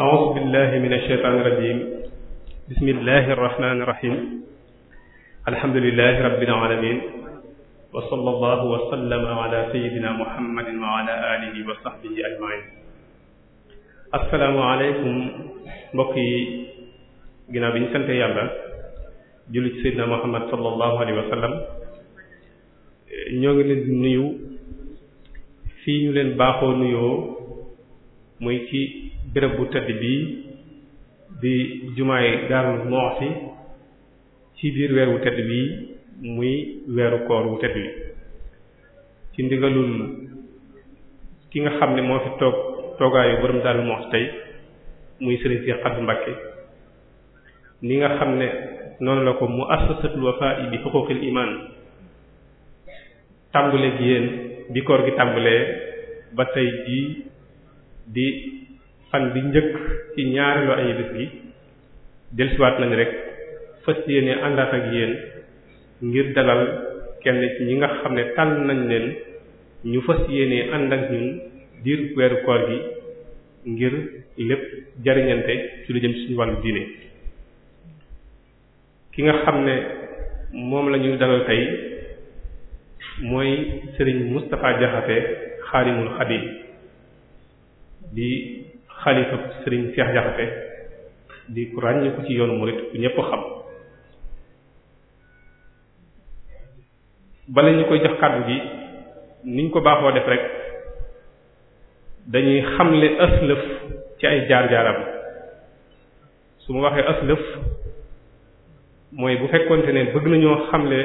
أعوذ بالله من الشيطان الرجيم بسم الله الرحمن الرحيم الحمد لله رب العالمين وصلى الله وسلم على سيدنا محمد وعلى آله وصحبه أجمعين السلام عليكم mbokk yi ginnaaw bi ñu sant yàlla julli ci Seydina Muhammad sallallahu alayhi wa sallam ñoo ngi leen di nuyu fii ñu leen baaxoo nuyoo muy ci béréb bu tedd bii di jumaay Daaru Muxti ci biir weer wu tedd bii muy weeru koor wu tedd wi ci ndigalul ki nga xam ne moo fi toog toogaayu borom Daaru Muxti tey muy Serigne Cheikh Abdou Mbacké ni nga xam ne noonu la ko muassasatul Wafa'i bi huquqil iman tàmbale gi yéen bi koor gi tàmbalee ba tey jii di fan bi njëkk ci ñaareelu ay bés gi dellusiwaat rek fas yéene àndaat ak yéen ngir dalal kenn ñi nga xam ne tànn nañ leen ñu fas yéene ànd ak ñun diir weeru koor gi ngir lépp jariñante ci lu jëm ci suñu wàllu diine ki nga xam ne moom la ñuy dalal tey mooy sëriñ Moustapha Diakhaté xaarimul xadim di xalifa sëriñ Cheikh Jaxate di ku ràññeeku ci yoonu murid ku ñëpp xam bala ñu koy jox kàddu gi niñ ko baaxoo def rek dañuy xamle aslëf ci ay jaar-jaaram su ma waxee aslëf mooy bu fekkonte ne bëgg nañoo xamle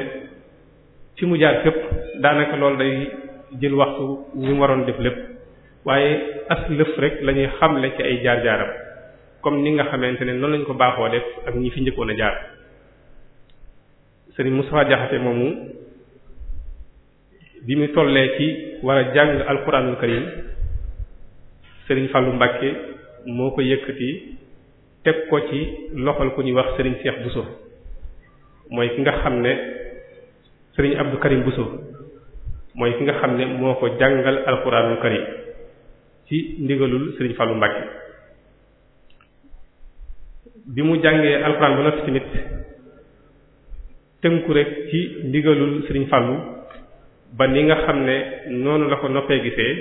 fi mu jaar fépp daanaka loolu day jël waxtu ñi waroon def lépp waaye as lëf rek lañuy ñuy xamle ci ay jaar-jaaram comme ni nga xamante ne noonu lañ ko baaxoo def ak ñi fi njëkkoon a jaar sëriñ Moustapha Diakhaté moomu bi mu tollee ci war a jàng alquranul karim sëriñ Fallou Mbacke moo ko yëkkati teg ko ci loxol ku ñuy wax sëriñ Cheikh Bousso mooy ki nga xam ne sëriñ Abdou Karim Bousso mooy ki nga xam ne moo ko jàngal alquranul karim ci ndigalul Serigne Fallou Mbacke bi mu jàngee alxuraan ba noppi tamit tënku rek ci ndigalul Serigne Fallou ba ni nga xam ne noonu la ko noppee gisee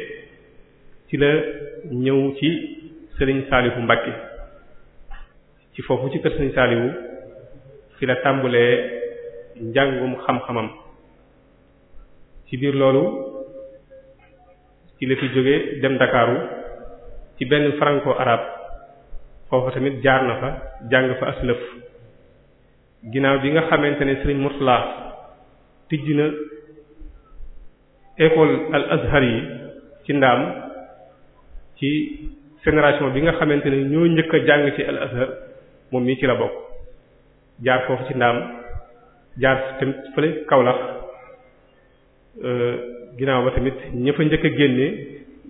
ci la ñëw ci sëriñ Saliou Mbacke ci foofu ci kër Serigne Saliou ci la tàmbulee njàngum xam-xamam ci biir loolu ci la fi jógee dem ndakaaru ci benn franco arabe foofu tamit jaar na fa jàng fa aslëf ginnaaw bi nga xamante ne Serigne Mourtala tijji na école al azhar yi ci ndaam ci génération bi nga xamante ne ñoo njëkk jàng ci al azhar moom mii ci la bokk jaar foofu ci ndaam jaar tamit fële Kaolack Euh, ginnaaw ba tamit ña njëkk a génne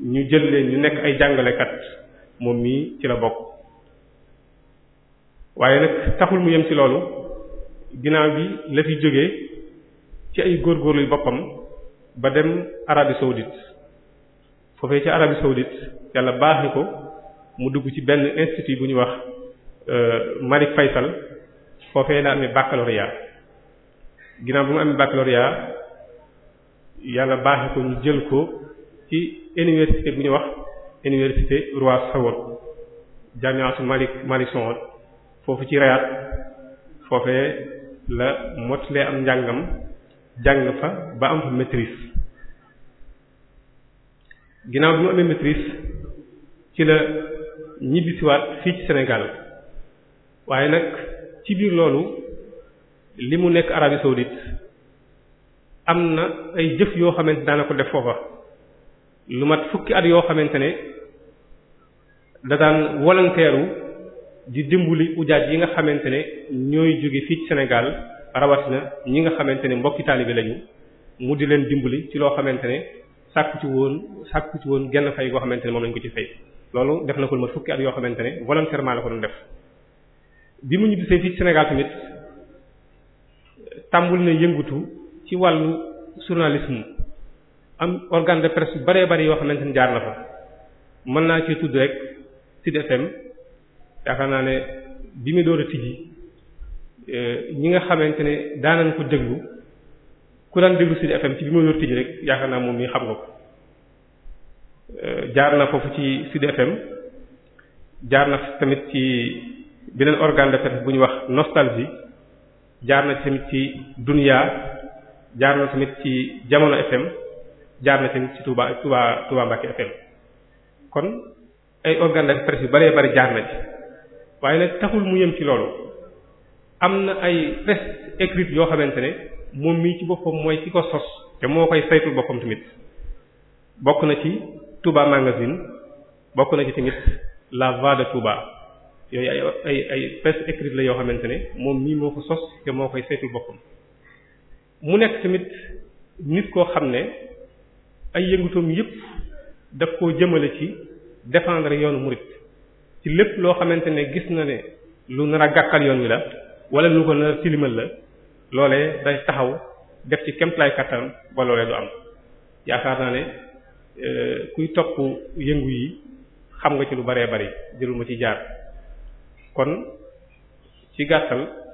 ñu jël leen ñu nekk ay jàngalekat moom mii ci la bokk waaye nag taxul mu yem ci loolu ginnaaw bi la fi jógee ci ay góor góorgóorlu boppam ba dem Arabie saoudite foofee ci Arabie saoudite yàlla baaxe ko mu dugg ci benn institut bu ñuy wax euh, Malik Faysal foofee la amee baccalauréat ginnaaw bi mu amee baccalauréat yàlla baaxe ko ñu jël ko ci université bi ñuy wax université Roi Saoud jamiatu Malik Malik Saoud foofu ci Riyad foofee la mottalee am njàngam jàng fa ba am fa maîtrise ginnaaw bi mu amee maîtrise ci la ñibbisiwaat fii ci Sénégal waaye nag ci biir loolu li mu nekk Arabie Saoudite am na ay jëf yoo xamante daana ko def foofa lu mat fukki at yoo xamante ne da daan volontaire di dimbali ujaaj yi nga xamante ne ñooy jóge fii ci Sénégal na ñi nga xamante ne mbokki taalibe lañu mu di leen dimbali ci loo xamante ne sàkku ci woon sàkku woon genn fay goo xamante ne moom lañ ko ci fay loolu def na ko lu mat fukki at yoo xamante ne volontairement la ko doon def bi mu ñibbisee fii ci Sénégal tamit tàmbul na yëngutu ci wàllu journalisme am organe de presse yu bëree bëri yoo xamante ne jaar na fa mën naa ci tudd rek Sud FM yaakaar naa ne bi mu door a tijji eh, ñi nga xamante ni daanañ ko déglu ku daan déglu Sud FM ci bi mu door a tijji rek yaakaar naa moom mi xam nga ko eh, jaar na foofu ci Sud FM jaar na tamit ci beneen organe de presse bu ñu wax nostalgie jaar na tamit ci Dunia. jaar na tamit ci Jamono FM jaar na tamit ci Touba Touba Touba FM kon ay organes de presse yu bëree bëri jaar na ci waaye nag taxul mu yem ci loolu am na ay presse écrite yoo xamante ne moom mii ci boppam mooy ci ko sos te moo koy saytul boppam tamit bokk na ci Touba Magazine bokk na tamit La Voix de Touba yooyu ay ay ay presse la yoo xamante ne moom mii moo koy saytul boppam. mu nekk tamit nit koo xam ne ay yëngutoom yëpp daf koo jëmale ci défendre yoonu murit ci lépp loo xamante ne gis na ne lu nar a gàkkal yoon wi la walla lu ko nar a tilimal la loole day taxaw def ci kemtalaay kattan ba loolee du am yaakaar naa ne euh, kuy topp yëngu yi xam nga ci lu baree bari jërul ci jaar kon ci gàttal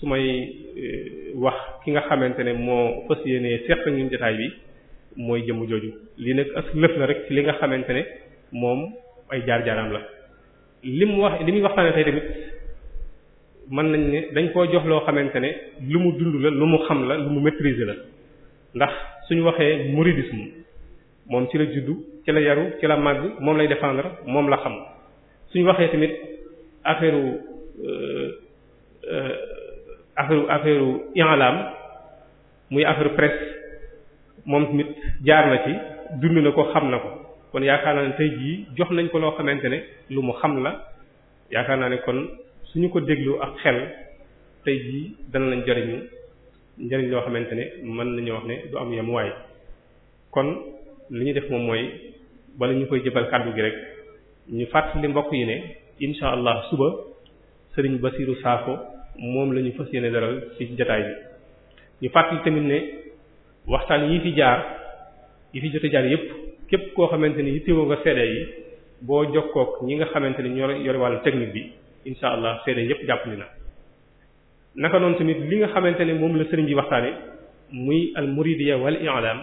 su may e, wax ki nga xamante ne moo fas yéenee seq ñun jotaay bi mooy jëmm jooju lii nag as lëf la rek li nga xamante ne moom ay jaar-jaaram la li mu wax li muy waxtaane tey tamit mën nañ ne dañ koo jox loo xamante ne lu mu dund la lu mu xam la lu mu maîtriser la ndax suñu waxee mouridisme moom ci la juddu ci la yaru ci la màgg moom lay défendre moom la xam suñ waxee tamit affaire euh, euh, affaire affaire i'lam muy affaire presse moom tamit jaar na ci dund na ko xam na ko kon yaakaar naa ne tey jii jox nañ ko loo xamante ne lu mu xam la yaakaar naa ne kon suñu ko déglu ak xel tey jii dana lañ jariñu njariñ loo xamante ne mën nañu wax ne du am yemuwaay kon li ñu def moom mooy bala ñu koy jëbal kàddu gi rek ñu fàttali mbokk yi ne incha allah suba sëriñ Basiru Saafo moom la ñu fas yéene daral ci jataay bi ñu fàttali tamit ne waxtaan yi fi jaar yi fi jote jaar yépp képp koo xamante ni yittewoo nga seede yi boo jokkook ñi nga xamante ni ñoo yore wàllu technique bi insha allah seede yépp jàppandi na naka noonu tamit li nga xamante ne moom la sëriñ bi waxtaane muy al muridiya wal i'lam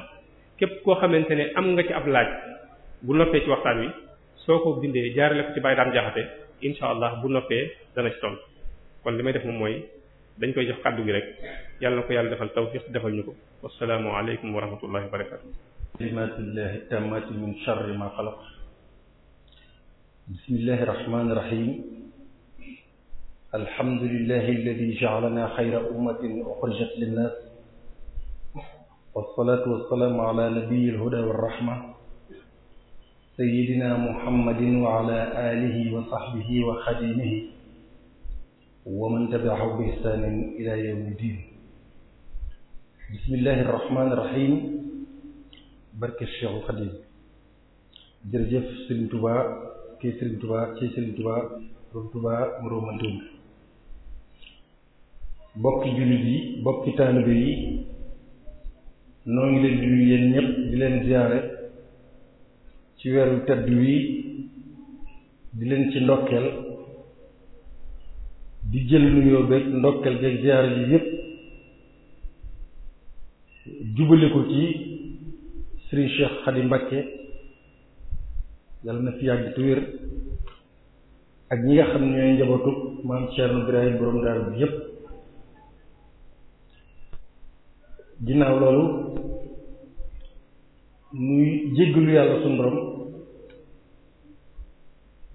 képp koo xamante ne am nga ci ab laaj bu noppee ci waxtaan wi soo ko bindee jaarale ko ci Baye Dame Diakhaté insha allah bu noppee dana ci kon li may def moom mooy dañ koy jox kàddu gi rek yàlla na ko yàlla defal tawfiq defal ñu ko wassalaamu aleykum wa rahmatullahi wa barakatu kalimatullahi tammati min sharri ma xalaq bismillahi rahmani rahim alhamdulillahi alladi ja'alana xayra ummatin uxrijat linnas wassalaatu wassalaamu ala nabiyil huda warrahma sayyidina muhammadin wa ala alihi wa sahbihi wa xadimihi wa man tabi'ahu bi ihsaanin ila yawmi diin bismillahi rahmaani rahiim barke Cheikhul Xadim jërëjëf Serigne Touba kii Serigne Touba kii Serigne Touba borom Touba mu romantoon bokki jullit yi bokki taalibe yi noo ngi leen di nuyu yéen di leen ziyaare ci weeru tedd wi di leen ci ndokkeel di jël nuyoo beeg ndokkeel beeg yi yépp jubale ko ci Serigne Cheikh Khady Mbacké yàlla na fi yàgg te ak ñi nga xam ne ñooy njabootu maam Thierno Birahim borom daara bi yépp ginnaaw loolu nuy jéggalu yàlla sunu borom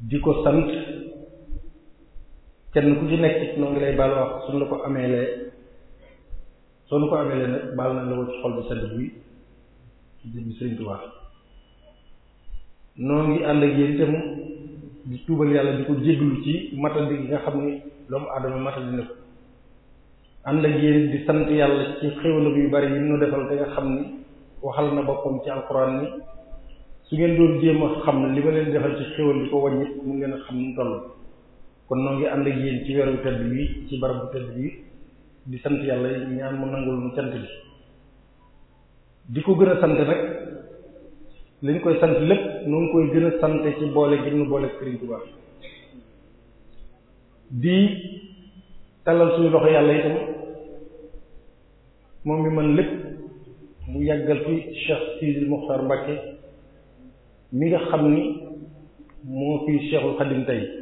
di ko sant kenn ku ci nekk noo ngi lay baal wax suñ la ko ameelee soo nu ko ameelee nag baal nañ la ko ci xol bu sedd bi ci jëmmi ànd ak yéen di tuubal yàlla di ko jéglu ci matandi gi nga xam ni doomu aadama na ko ànd di sant yàlla ci yu bari yi mu defal te nga xam ni waxal na boppam ci alxuraan ni su ngeen doon jéem xam xam li ma leen defal ci xéwal di ko wàññi mu ngeen a xam ni mu kon noo ngi ànd ak yéen ci weeru tëdd wi ci barab tëdd wi di sant yàlla ñaan mu nangul mu cant bi di ko gën a sant rek li ñu koy sant lépp nu ngi koy gën a sant ci boole gi nu boole Sëriñ Tuubaa di talal suñu loxo yàlla itam moom mi mën lépp mu yàggal fi Cheikh Sidi Mokhtar Mbacke mi nga xam ni moo fi Cheikhul Xadim tey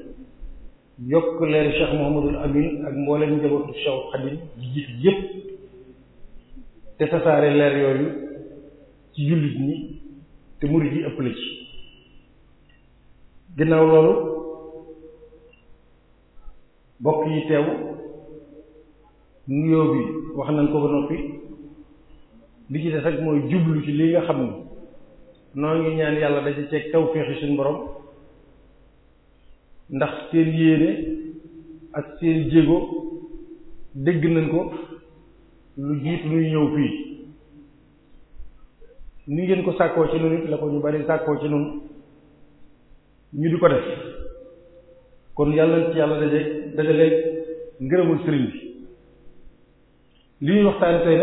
yokk leeru Cheikh Mouhamadul Amin ak mbooleem njabootu Cheikh Xadim di gis yépp te tasaare leer yooyu ci jullit ñi te murid yi ëpp la ci ginnaaw loolu bokk yi teew mu bi wax nañ ko ba noppi li ci des rek mooy jublu ci li nga xam ne noo ngi ñaan yàlla daje ceeg tawféexi suñu borom ndax seen yéene ak seen jéego dégg nañ ko lu jiit luy ñëw fii ni ngeen ko sàkkoo ci noonu it la ko ñu bari sàkkoo ci noonu ñu di ko def kon yàlla ci yàlla daje dajaleeg ngërëmul sëriñ bi li ñuy waxtaane tey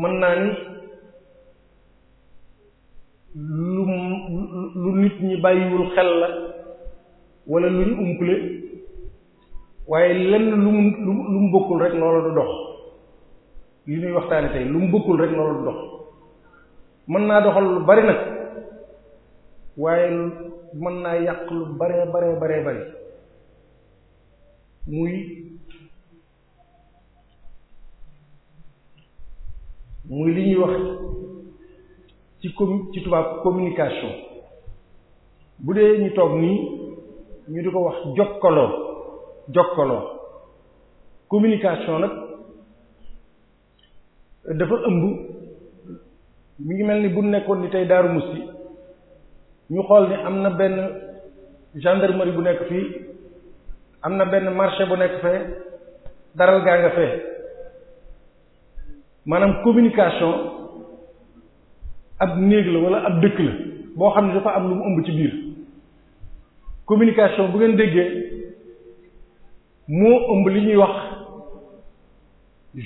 mën naa ni lu lu nit ñi bàyyiwul xel la wala lu ñu umpule waaye lenn lu mu lu mu bokkul rek loola du dox li ñuy waxtaane tey lu mu bokkul rek loola du dox mën naa doxal lu bari nag waaye mën naa yàq lu baree baree baree bari muy muy li ñuy wax ci com ci tubaab communication bu dee ñu toog nii ñu di ko wax jokkaloo jokkaloo communication nag dafa ëmb mu ngi mel ni bu nekkoon ni tey Darou Moukhty ñu xool ni am na benn gendarmerie bu nekk fii am na benn marché bu nekk fee daral gaa nga fee maanaam communication ab néeg la wala ab dëkk la boo xam ne dafa am lu mu ëmb ci biir communication bu ngeen déggee moo ëmb li ñuy wax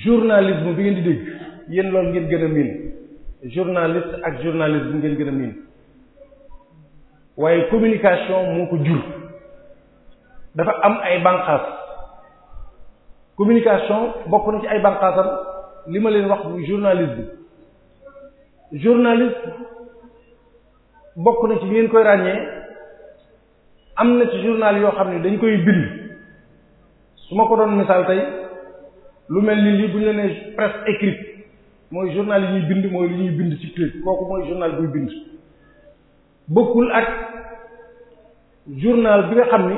journalisme bi ngeen di dégg yéen loolu ngeen gën a miin journaliste ak journalisme ngeen gën a miin waaye communication moo ko jur dafa am ay banqaas communication bokk na ci ay banqaasam li ma leen wax muy journalisme journaliste bokk na ci ngeen koy ràññee am na ci journal yoo xam ne dañ koy bind su ma ko doon misaal tey lu mel ni lii bu ñu la nee presse écrite mooy journal yi ñuy bind mooy li ñuy bind ci presse kooku mooy journal buy bind bokkul ak journal bi nga xam ni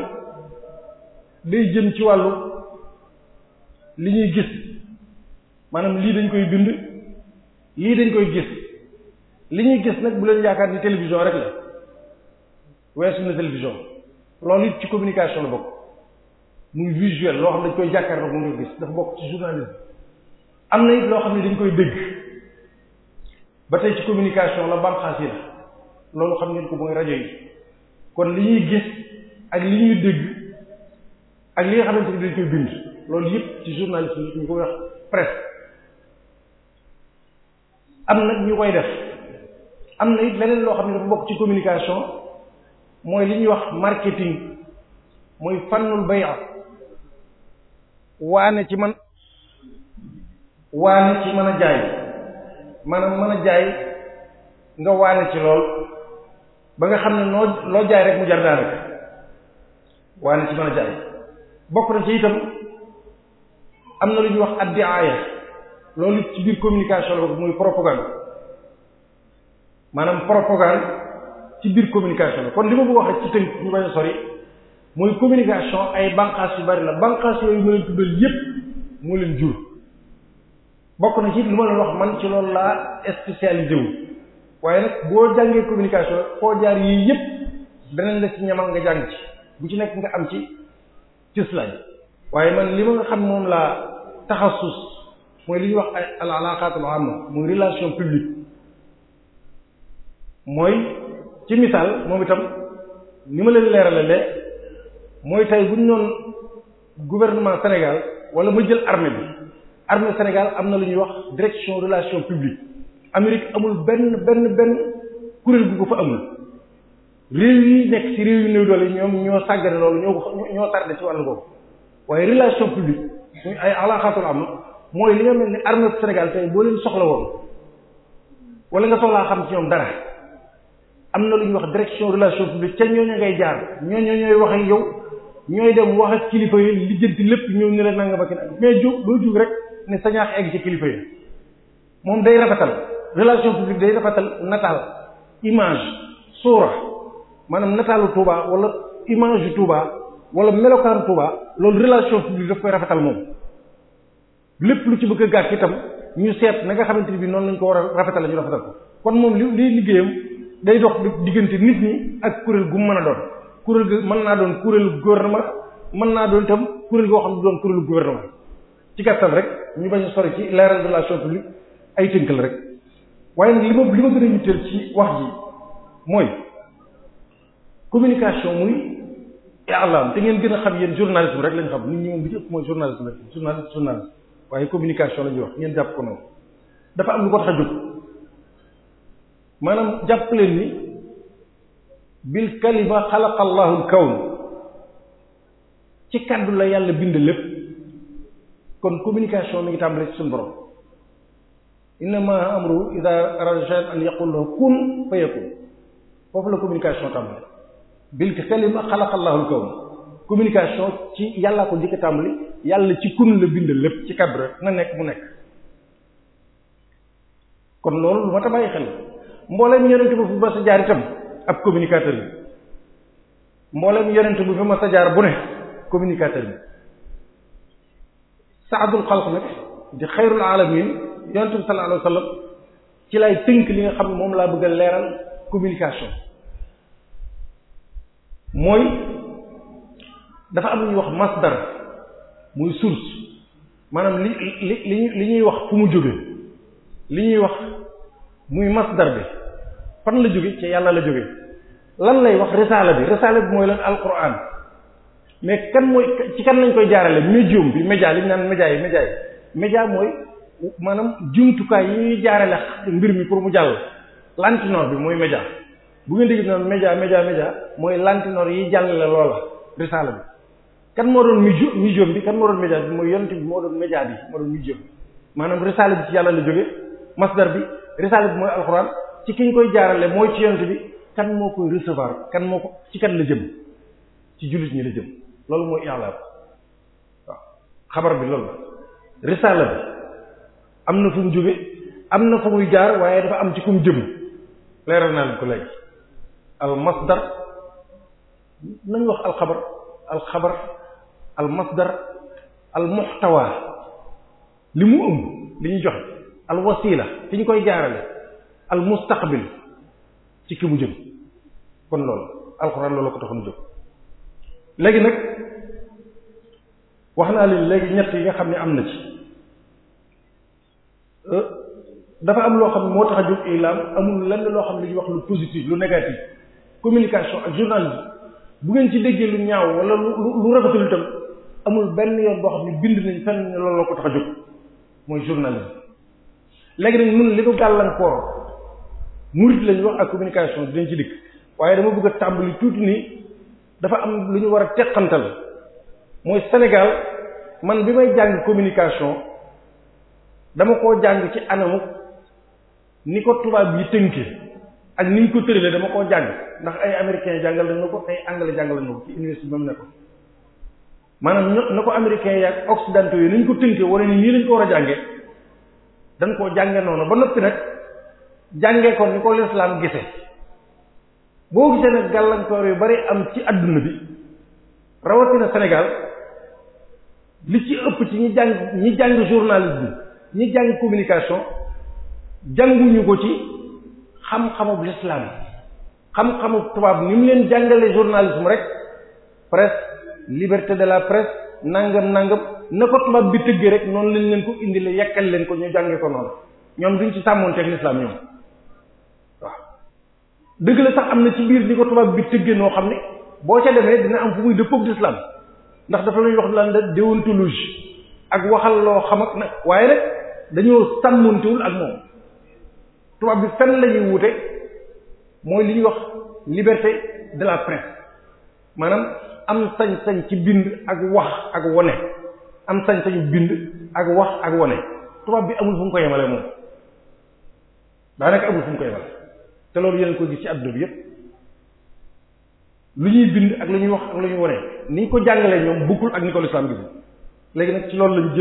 day jëm ci wàllu li ñuy gis maanaam lii dañ koy bind lii dañ koy gis li ñuy gis nag bu leen yaakaar ni télévision rek la weesu na télévision loolu it ci communication la bokk muy visuel loo xam ne dañ koy jàkkaarloo mu ngi gis dafa bokk ci journalisme am na it loo xam ne dañ koy dégg ba tey ci communication la banqaas loolu xam ngeen rajo yi kon li ñuy ak li dégg ak li nga xamante ni dañ koy bind loolu yëpp ci journalisme yi ñu koy am nag ñu koy def am na it leneen loo xam ne dafa bokk ci communication mooy li ñuy wax marketing muy fannul bay'a waane ci man waane ci mën a jaay maanaam mën a jaay nga waane ci lool ba nga xam ne noo loo jaay rek mu jar daal rek waane ci mën jaay bokk na ci itam am na lu ñuy wax addiaaya loolu ci biir communication la muy propagande maanaam propagande ci biir communication bi kon li ma bëgg wax ci tënk ñu bañ a sori mooy communication ay banqaas yu bari la banqaas yooyu ma leen tuddal yépp moo leen jur bokk na ci lu ma leen wax man ci loolu laa spécialisé wu waaye nag boo jàngee communication foo jaar yii yépp beneen la ci ñamal nga jàng ci bu ci nekk nga am ci cislañ waaye man li ma nga xam moom laa taxasus mooy li ñuy wax ay al alaqaatul amma mooy relation publique mooy ci misaal moom itam ni ma leen leeralale mooy tay bu ñu noon gouvernement Sénégal wala ma jël armée bi armée Sénégal am na lu ñuy wax direction relation publiques Amérique amul benn benn benn kuréel bu ko fa amul réew yi nekk ci réew yu néew doole ñoom ñoo sàggane loolu ñoo ko ñoo tardé ci wàllu boobu waaye relation publique ñu ay alaxaatul am mooy li nga mel ni armée Sénégal tey boo leen soxla woon wala nga soxlaa xam ci ñoom dara am na lu ñuy wax direction relation publique ca ñooñu ngay jaar ñooñu ñooy wax ak yow ñooy dem wax ak kilifa yi lijjanti lépp ñëw ñu la nanga ba kenn mais jóg doo jóg rek ne sañaax egg ci kilifa yi moom day rafetal relation publique day rafetal nataal image suura maanaam nataalu Touba wala image yu Touba wala melokaanu Touba loolu relation publique daf koy rafetal moom lépp lu ci bëgg a gàtt itam ñu seet na nga xamante ni bi noonu lañ ko war a rafetal la ñu rafetal ko kon moom li liy liggéeyam day dox diggante nit ñi ak kuréel gu mu mën a doon kuréel gi mën naa doon kuréelu gouvernement mën naa doon itam kuréel goo xam ne doon kuréelu gouvernement ci gàttal rek ñu bañ a sori ci leeral relation publique ay tënkal rek waaye nag li ma li ma gën a yitteel ci wax ji mooy communication muy i'lam te ngeen gën a xam yéen journalisme rek lañ xam nit ñi moom li ci ëpp mooy journalisme rek waaye communication la ñuy wax ngeen jàpp ko noonu dafa am lu maanaam jàpp leen ni bil kalima xalaqa allahu alkawn ci kaddu la yàlla bind lépp kon communication mi ngi tàmbalee ci suñu borom innama amru ida arada an yaqul lahu kun fa yakun foofu la communication tàmbale bil kalima xalaqa allahu alkawn communication ci yàllaa ko njëkk tàmbali yàlla ci kun la bind lépp ci kaddu rek na nekk mu nekk kon loolu lu ma ta xel mbooleem yonent bu fi mas a jaar itam ab communicateur bi mbooleem yonent bu fi mas a jaar bu ne communicateur bi saadul xalq nag di xayrul alamin yonent bi sallallahu alayhi wasallam ci lay tënk li nga xam moom laa bëgg a leeral communication mooy dafa am lu ñuy wax masdar muy source maanaam li li li ñuy wax fu mu jóge li ñuy wax muy masdar bi fan la jóge ci yàlla la jóge lan lay wax risaala bi risaala bi mooy lan alquran mais kenn mooy ci kan lañ koy jaarale médium bi média li ñu naan média yi média yi média mooy maanaam jumtukaay yi ñuy jaarale mbir mi pour mu jàll lantinoor bi mooy média bu ngeen dégg média média média mooy lantinoor yi jàllale loola risaala bi kan moo doon miju médium bi kan moo doon média bi mooy yonent bi moo doon média bi moo doon médium maanaam risaala bi ci yàlla la jóge masdar bi risaala bi mooy alquran ci ki ñu koy jaarale mooy ci yonent bi kan moo koy recevoir kan moo ko ci kan la jëm ci jullit ñi la jëm loolu mooy i'laab xabar bi loolu la risaala bi am na fu mu jóge am na fu muy jaar waaye dafa am ci kum jëm leeral naa ko léegi al masdar nañ wax al xabar al xabar al masdar al muxtawa li mu ëmb li ñuy joxe al wasila fi ñu koy jaarale al mustaqbil ci ki mu jëm kon loolu alxuraan loolu ko taxoon jóg léegi nag wax naa leen léegi ñett yi nga xam ne am na ci euh, dafa am loo xam moo tax a jóg ilaam amul lenn loo xam ne ñuy wax lu positif lu ak journalisme bu ci ñaaw amul benn yoon boo bind nañ fenn loolu la ko tax a jóg mooy journalisme léegi nag ñun li ko gàllankoor murit lañ wax ak communication dinañ ci dikk waaye dama bëgg a tàmbali tuuti nii dafa am lu ñu war a teqantal mooy Sénégal man bi may jàng communication dama koo jàng ci anamu ni ko tubaab yi tënke ak ni ñu ko tëralee dama koo jàng ndax ay américains jàngal nañ ko ay anglais jàngal nañ ko ci université bi ne ko maanaam ño na ko américains yaak occidentaux yi ni ñu ko tënke wala ni nii lañ ko war a jànge dañ koo jànge noonu ba noppi nag jàngee ko ni ko lislaam gisee boo gisee nag gàllankoor yu bari am ci àdduna bi rawatina Sénégal li ci ëpp ci ñi jàng ñi jàng journalisme ñi jàng communication jànguñu ko ci xam-xamub lislaam xam-xamub tubaab ni mu leen jàngale journalisme rek presse liberté de la presse nangam nangam na ko tubaab bi tëggee rek noonu lañ leen ko indile la yekkal leen ko ñu jàngee ko noonu ñoom duñ ci sàmmoonteeg lislaam ñoom dëgg la sax am na ci biir ni ko tubaab bi tëggee noo xam ne boo ca demee dina am fu muy dëppoog l'islam ndax dafa lañuy wax lan la déontologie ak waxal loo xam ak na waaye rek dañoo sàmmantewul ak moom tubaab bi fenn la wute mooy li ñuy wax liberté de la presse maanaam am sañ-sañ ci bind ak wax ak wone am sañ-sañu bind ak wax ak wone tubaab bi amul fu mu ko yemale moom daanaka amul fu mu ko yemale te loolu yéen ko gis ci adduna bi yépp lu ñuy bind ak lu ñuy wax ak lu ñu wone ni ko jàngalee ñoom bukkul ak ni ko lislaam gisi léegi nag ci loolu lañ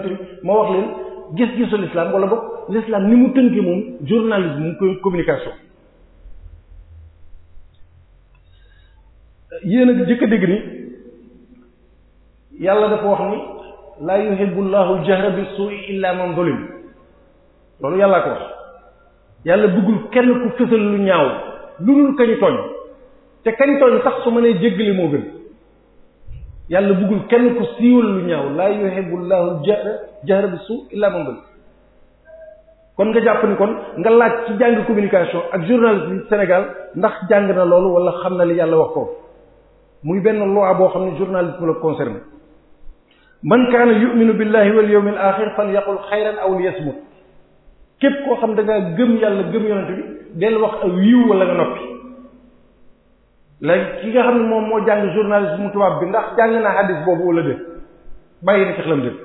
jëm moo wax leen gis-gisu lislaam wala boog lislaam ni mu tënkee moom journalisme mu communication yéen a jëkk a dégg ni yàlla dafa wax ni laa yuhibbu llahu jahra bi suu'i illa man loolu yàllaa ko wax yàlla bëggul kenn ku fësal lu ñaaw lu dul kañu tooñ te kañ tooñ sax su ma nee jéggale moo gën yàlla bëggul kenn ku siiwal lu ñaaw laa yuhibbu llahu jahra jahra bi suu illa man bëgg kon nga jàpp ni kon nga laaj ci jàng communication ak journaliste yi Sénégal ndax jàng na loolu wala xam na li yàlla wax ko muy benn loi boo xam ne journalisme la concerné man kaana yuminu billahi wal yawmil axir fal yaqul xayran aw liyasmut képp koo xam da nga gëm yàlla gëm yonent bi del wax ak yiw wala nga noppi léegi ki nga xam ne moom moo jàng journalisme tubaab bi ndax jàng naa hadis boobu wala déet bàyyi na ci xelam déet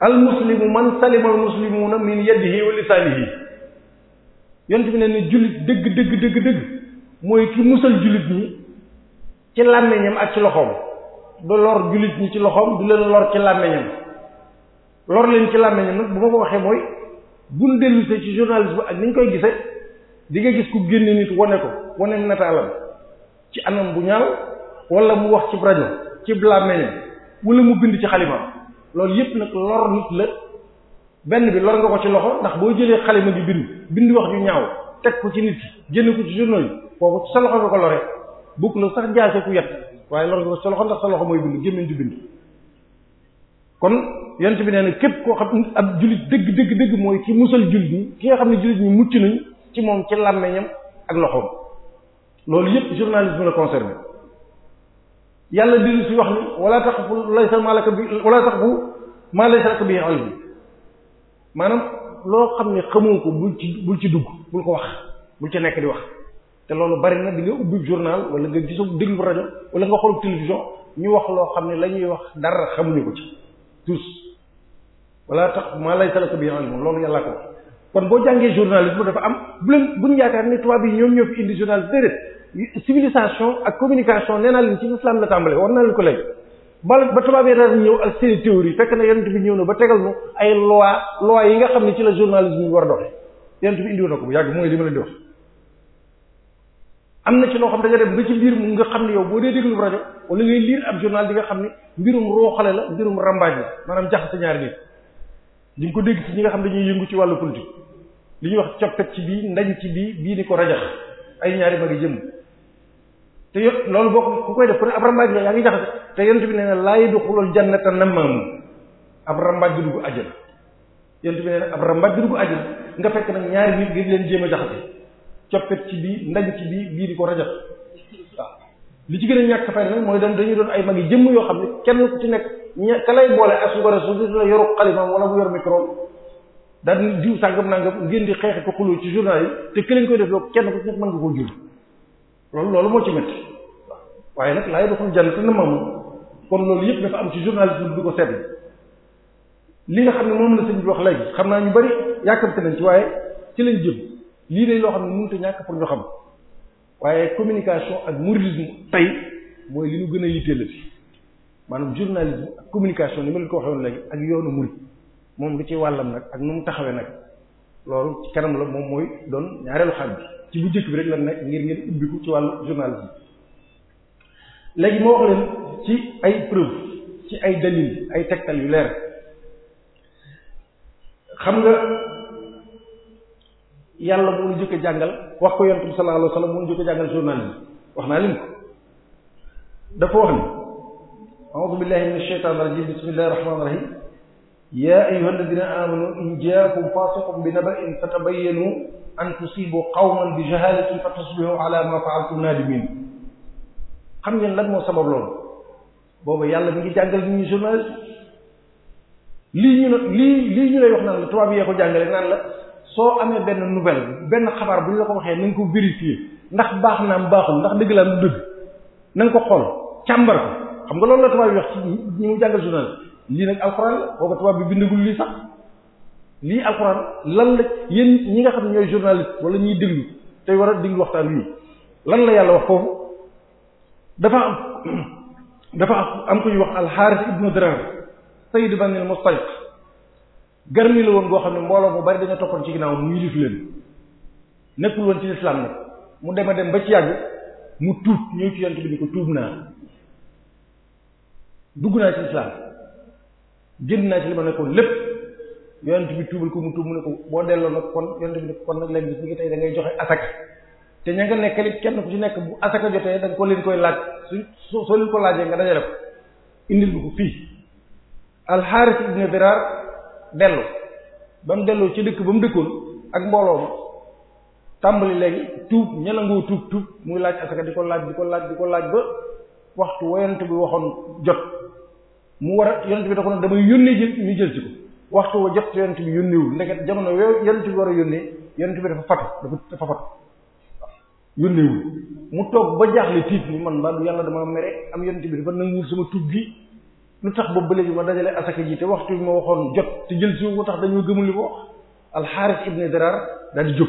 al muslimu man salima al muslimuna min yadihi wa lisaanihi yonent bi ne ne jullit dëgg dëgg dëgg dëgg mooy ki musal jullit ñi ci làmmiñam ak ci loxoom du lor jullit ñi ci loxoom du leen lor ci làmmiñam lor leen ci làmmiñam nag bu ma ko waxee mooy buñ dellusee ci journalisme ak ni koy gisee di nga gis ku génne nit wane ko wane nataalam ci anam bu ñaaw wala mu wax ci rajo ci làmmiñam wala mu bind ci xalima loolu yépp nag lor nit la benn bi lor nga ko ci loxo ndax boo jëlee xalima bi bind bind wax ju ñaaw teg ko ci nit ki génne ko ci journal yi kooku sa loxo nga ko lore bukk la sax jaase ku yet waaye lor nga ko sa loxo ndax sa loxo mooy bind gémmiñ yonent bi nee na képp koo xam ab jullit dëgg dëgg dëgg mooy ki musal jullit ñi ki nga xam ne jullit ñi mucc nañ ci moom ci làmmeñam ak loxoom loolu yépp journalisme la concerné yàlla di si wax ni wala taqfu laysa malaka bi wala taqfu ma laysa laka bi ilm maanaam loo xam ne xamoo ko bul ci bul ci dugg bul ko wax bul ci nekk di wax te loolu bari na di nga ubbi journal wala nga gis déglu rajo wala nga xool télévision ñu wax loo xam ne la ñuy wax dara xamuñu ko ci wala tax maa lay salaka bi ilm loolu yàlla ko kon boo jàngee journalisme dafa am bu leen bu ñu yaakaar ni tubaab yi ñoom ñoo fi indi journalisme déedéet civilisation ak communication nee naa leen ci islam la tàmbalee war naa leen ko léegi bal ba tubaab yi daal ak seen théorie na yonent bi ñëw na ba tegal nu ay loi loi yi nga xam ne ci la journalisme yi war a doxee yonent bi indiwoon na ko bu yàgg mooy li ma leen di am na ci loo xam da nga dem ba ci mbir mu nga xam ne yow boo dee déglu rajo wala ngay lire am journal di nga xam ne mbirum rooxale la mbirum rambaaj la maanaam jaxase ñaari nit di nga ko dégg ci ñi nga xam dañuy yëngu ci wàllu politique li ñuy wax coppet ci bii ndañ ci bii bii di ko rajax ay ñaari magi jëm te yot loolu boo ko ku koy def ku ne ab rambaaj nga yaa ngi jaxase te yonent bi nee na laa yadxulul jannata nammaam ab rambaaj du dugg àjjana yonent bi nee na ab rambaaj du dugg àjjana nga fekk nag ñaari nit ngir leen jéem a jaxase coppet ci bii ndañ ci bii bii di ko rajax li ci gën a ñàkk fay nag mooy dañu doon ay mag yi jëmm yoo xam ne kenn ku ci nekk ña ka lay boole ak su ko su yoru xalimaam wala mu yor micro daal di diw sàngam nangam ngeen di xeex ko xuloo ci journal yi te ki lañ koy def loolu kenn ku ci nekk mën nga koo loolu loolu moo ci métti waaye nag laay doxul jàll te na maamu kon loolu yëpp dafa am ci journalisme bi di ko seetlu li nga xam ne moom la sëñ bi wax léegi xam naa ñu bari yàkkamte nañ ci waaye ci lañ jëm lii de loo xam ne mënut a ñàkk pour ñu xam. waaye communication ak mouridisme tey mooy li ñu gën a yitteelati maanaam journalisme ak communication ni ma leen ko waxee woon léegi ak yoonu murid moom li ci wàllam nag ak nu mu taxawee nag loolu ci kanam la moom mooy doon ñaareelu xaaj bi ci bu njëkk bi rek la nekk ngir ngeen ubbiku ci wàllu journalisme léegi moo wax leen ci ay preuve ci ay dalil ay tegtal yu leer xam nga yàlla mu ngi jëkk jàngal wax ko yonent bi sallallahu wax naa leen ko dafa wax ni a'udhu billahi minash shaitanir rajim bismillahir rahmanir rahim ya ayyuhalladhina amanu in ja'akum fasiqun binaba'in fatabayyanu an tusibu qawman bi jahalatin fatusbihu ala ma fa'altum nadimin xam ngeen lan moo sabab loolu boobu yàlla mu ngi jàngal nit ñi journaliste lii ñu lii lii ñu lay wax naan la tubaab yee ko jàngale naan la soo amee benn nouvelle benn xabaar bu ñu la ko waxee na nga ko vérifier ndax baax naam baaxul ndax dëgg laa du dëgg nañ ko xool càmbar ko xam nga loolu la tubaab yi wax ci ñi mu jàngal journal lii nag alxuraan la kooku tubaab bi bindagul lii sax lii alxuraan lan la yéen ñi nga xam ne ñooy journaliste wala ñuy déglu tey war a déglu waxtaan wi lan la yàlla wax foofu dafa am dafa am ku ñuy wax alxaaris ibnu Diraar sayyid bani al-Mustaliq garmi la woon goo xam ne mbooloo mu bari dañoo toppoon ci ginnaaw mu yilif leen nekkul woon ci lislaam nag mu dem a dem ba ci yàgg mu tuub ñëw ci yonent bi ni ko tuub naa dugg naa ci lislaam génn naa ci li ma nekkoon lépp yonent bi tuubal ko mu tuub mu ne ko boo delloo nag kon yonent bi ne ko kon nag léegi bis tey da joxe asaka te ña nga nekkali kenn ku ci nekk bu asaka jotee da nga ko leen koy laaj su soo leen ko laajee nga dajale ko indil bu ko fii alxaaris ibne dellu ba mu delloo ci dëkk ba mu dëkkoon ak mbooloo ma tàmbali léegi tuub ña nangoo tuub tuub muy laaj asaka di ko laaj di ko laaj di ko laaj ba waxtu woyant bi waxoon jot mu war a yonent bi da damay yónnee jël ñu jël waxtu wa jot yonent bi yónneewul jamono yooyu yonent bi war a yónnee yonent bi dafa fatu dafa fatu yónneewul mu toog ba jaaxle tiit ni man ba du yàlla dama mere am yonent bi dafa nanguwul sama tuub gi lu tax boobu ba léegi ma dajale asaka ji te waxtu bi ma waxoon jot te jël si wu tax dañoo gëmul li ma wax alxaaris ibne diraar daal jóg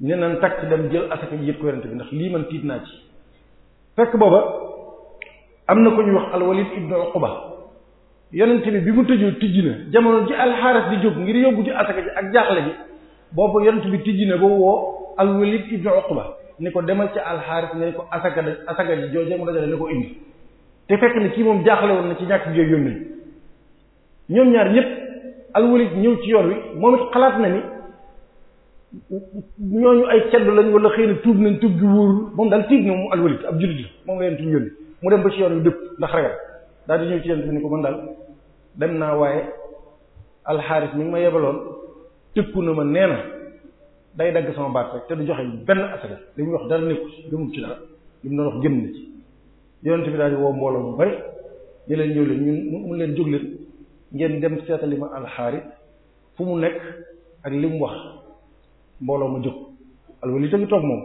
ne nan takk dem jël asaka ji yët ko yonente bi naa fekk booba am na ko ñuy wax alwalid ibnu uqba yonente bi bi mu tëjoo tijji na jamono ji alxaaris di jóg ngir yóbbu ji asaka ji ak jaaxle ji boobu yonente bi tijji na ba woo alwalid ibnu uqba ni ko demal ci alxaaris nga ko asaka asaka ji joojee mu dajale ne ko indi te fekk ne kii moom jaaxale woon na ci ñàkk gi yónni ñoom ñaar ñëpp alwalid ñëw ci yoon wi moom xalaat na ni ñooñu ay ceddu lañ wala xëy na tuub nañ tuub gi wóorul moom daal tiit na mu alwalid ab jullit la moom la yonent bi dem ba ci yoon wi dëpp ndax ragal daal di ñëw ci yonent bi ni ko man daal dem naa waaye alxaaris mi ngi ma yebaloon tëkku na ma nee na day dagg sama baat rek te du joxe benn asaka li muy wax dara nekkul gëmul ci dara li mu doon wax gëm na ci yoon yonent bi daal di woo mbooloo mu bari di leen ñëw leen ñun mun leen jóg leen ngeen dem seetali ma alxaaris fu mu nekk ak li mu wax mbooloo ma jóg alwali tamit toog moom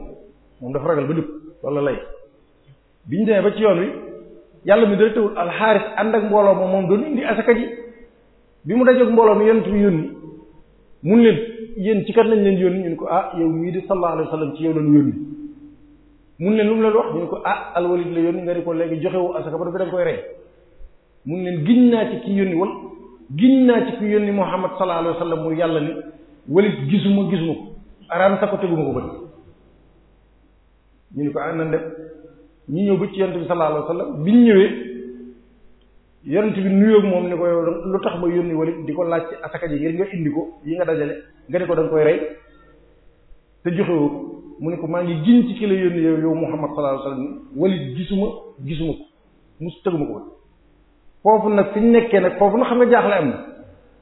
moom dafa ragal ba dëpp wala lay biñ demee ba ci yoon wi yàlla mi day tawul alxaaris ànd ak mbooloo ma moom doon indi asaka ji bi mu dajeeg mbooloo mi yonent bi yónni mun leen yéen ci kat lañ leen yónni ñu ne ko ah yow mii di sallallahu alayhi wasallam ci yow lañu yónni mun leen lu mu leen wax ñu ne ko ah alwalid la yónni nga di ko léegi joxe wu asaka ba da nga koy rey mun leen gin naa ci ki yónni wal giñ naa ci ki yónni Muhammad sallallahu alayhi wasallam mu yàlla ni walit gisuma gisuma ko araam sa ko teguma ko bët ñu ne ko ah nan ñëw ba ci yonent bi sallallahu alayhi wasallam biñ ñëwee yonent bi nuyoog moom ni ko lu tax ma yónni walit di ko laaj ci asaka ji ngir nga indi ko yi nga dajale nga di ko da koy rey te joxewoo mu ne ko maa ngi giñ ci ki la yónni yow yow Muhammad sallallahu alayhi wasallam walit gisuma gisuma ko mus tëguma ko foofu nag fi ñu nekkee nag foofu na xam nga jaaxle am na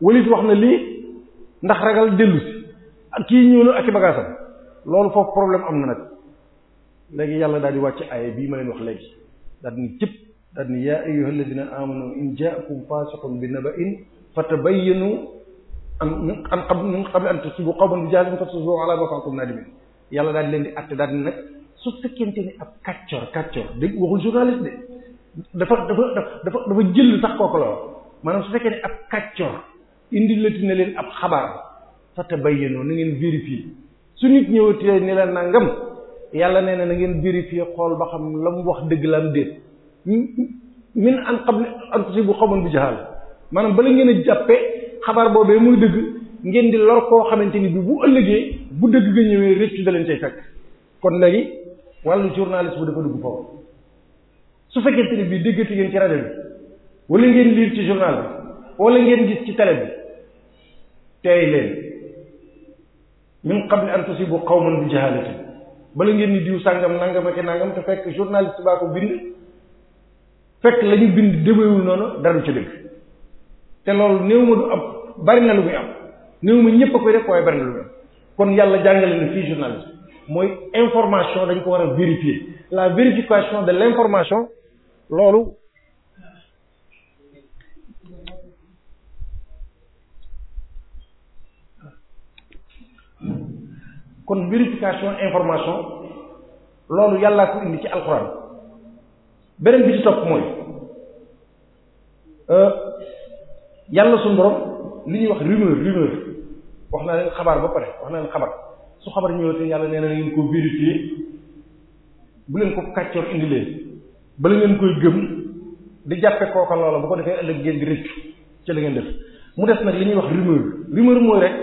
walit wax na lii ndax ragal dellu ak kii ñëw na ak i bagaasam loolu foofu problème am na nag léegi yàlla daal di wàcc aaya bii ma leen wax léegi daal di cëpp daal di yaa ayyuhal ladina amanu in ja'akum fasiqun bi naba'in fatabayyanu an an qabl an tusibu qawman bi bu fatusbihu ala ma fa'altum nadimin yàlla daal leen di àtte daal di nag su fekkente ni ab kàccor kàccor dégg waxul journaliste de dafa dafa dafa dafa jël sax kooku la maanaam su fekkee ne ab kàccor indi lati na leen ab xabaar fa tabayyanu na ngeen vérifier su nit ñëwatee ne naa nangam yàlla nee na na ngeen vérifier xool ba xam la mu wax dëgg la am déet min an qabl an tusibu qawman bi jahaal maanaam bala ngeen a jàppee xabaar boobee muy dëgg ngeen di lor koo xamante ni bi bu ëllëgee bu dëgg ga ñëwee rëccu da leen fekk kon léegi wàllu journalisme dafa dugg foofu su fekkente ni bii déggati ngeen ci rajo bi wala ngeen lire ci journal bi wala ngeen gis ci télé bi teey leen min qabli an tusibu qawman bi jahalatin bala ngeen ni diw sàngam nangam ak nangam te fekk journaliste baa ko bind fekk la ñu bind déméewul noonu dara du ca dëgg te loolu néew ma du ab bari na lu am néew ma ñëpp a koy def waaye bari na lu kon yàlla jàngale na fii journaliste mooy information dañ ko war a vérifier la vérification de l'information loolu kon vérification information loolu yàllaa ko indi ci alxuraan beneen bi ci topp mooy euh, yàlla suñu borom li ñuy wax rumeur rumeur wax naa leen xabaar ba pare wax naa leen xabar su xabar ñëwee yàlla nee na ngeen ko vérifier bu leen ko kàccoor indi leen bala ngeen koy gëm di jàppe kooka loola bu ko defee ëllëg ngeen di rëccu ci la ngeen def mu des nag li ñuy wax rumeur rumeur mooy rek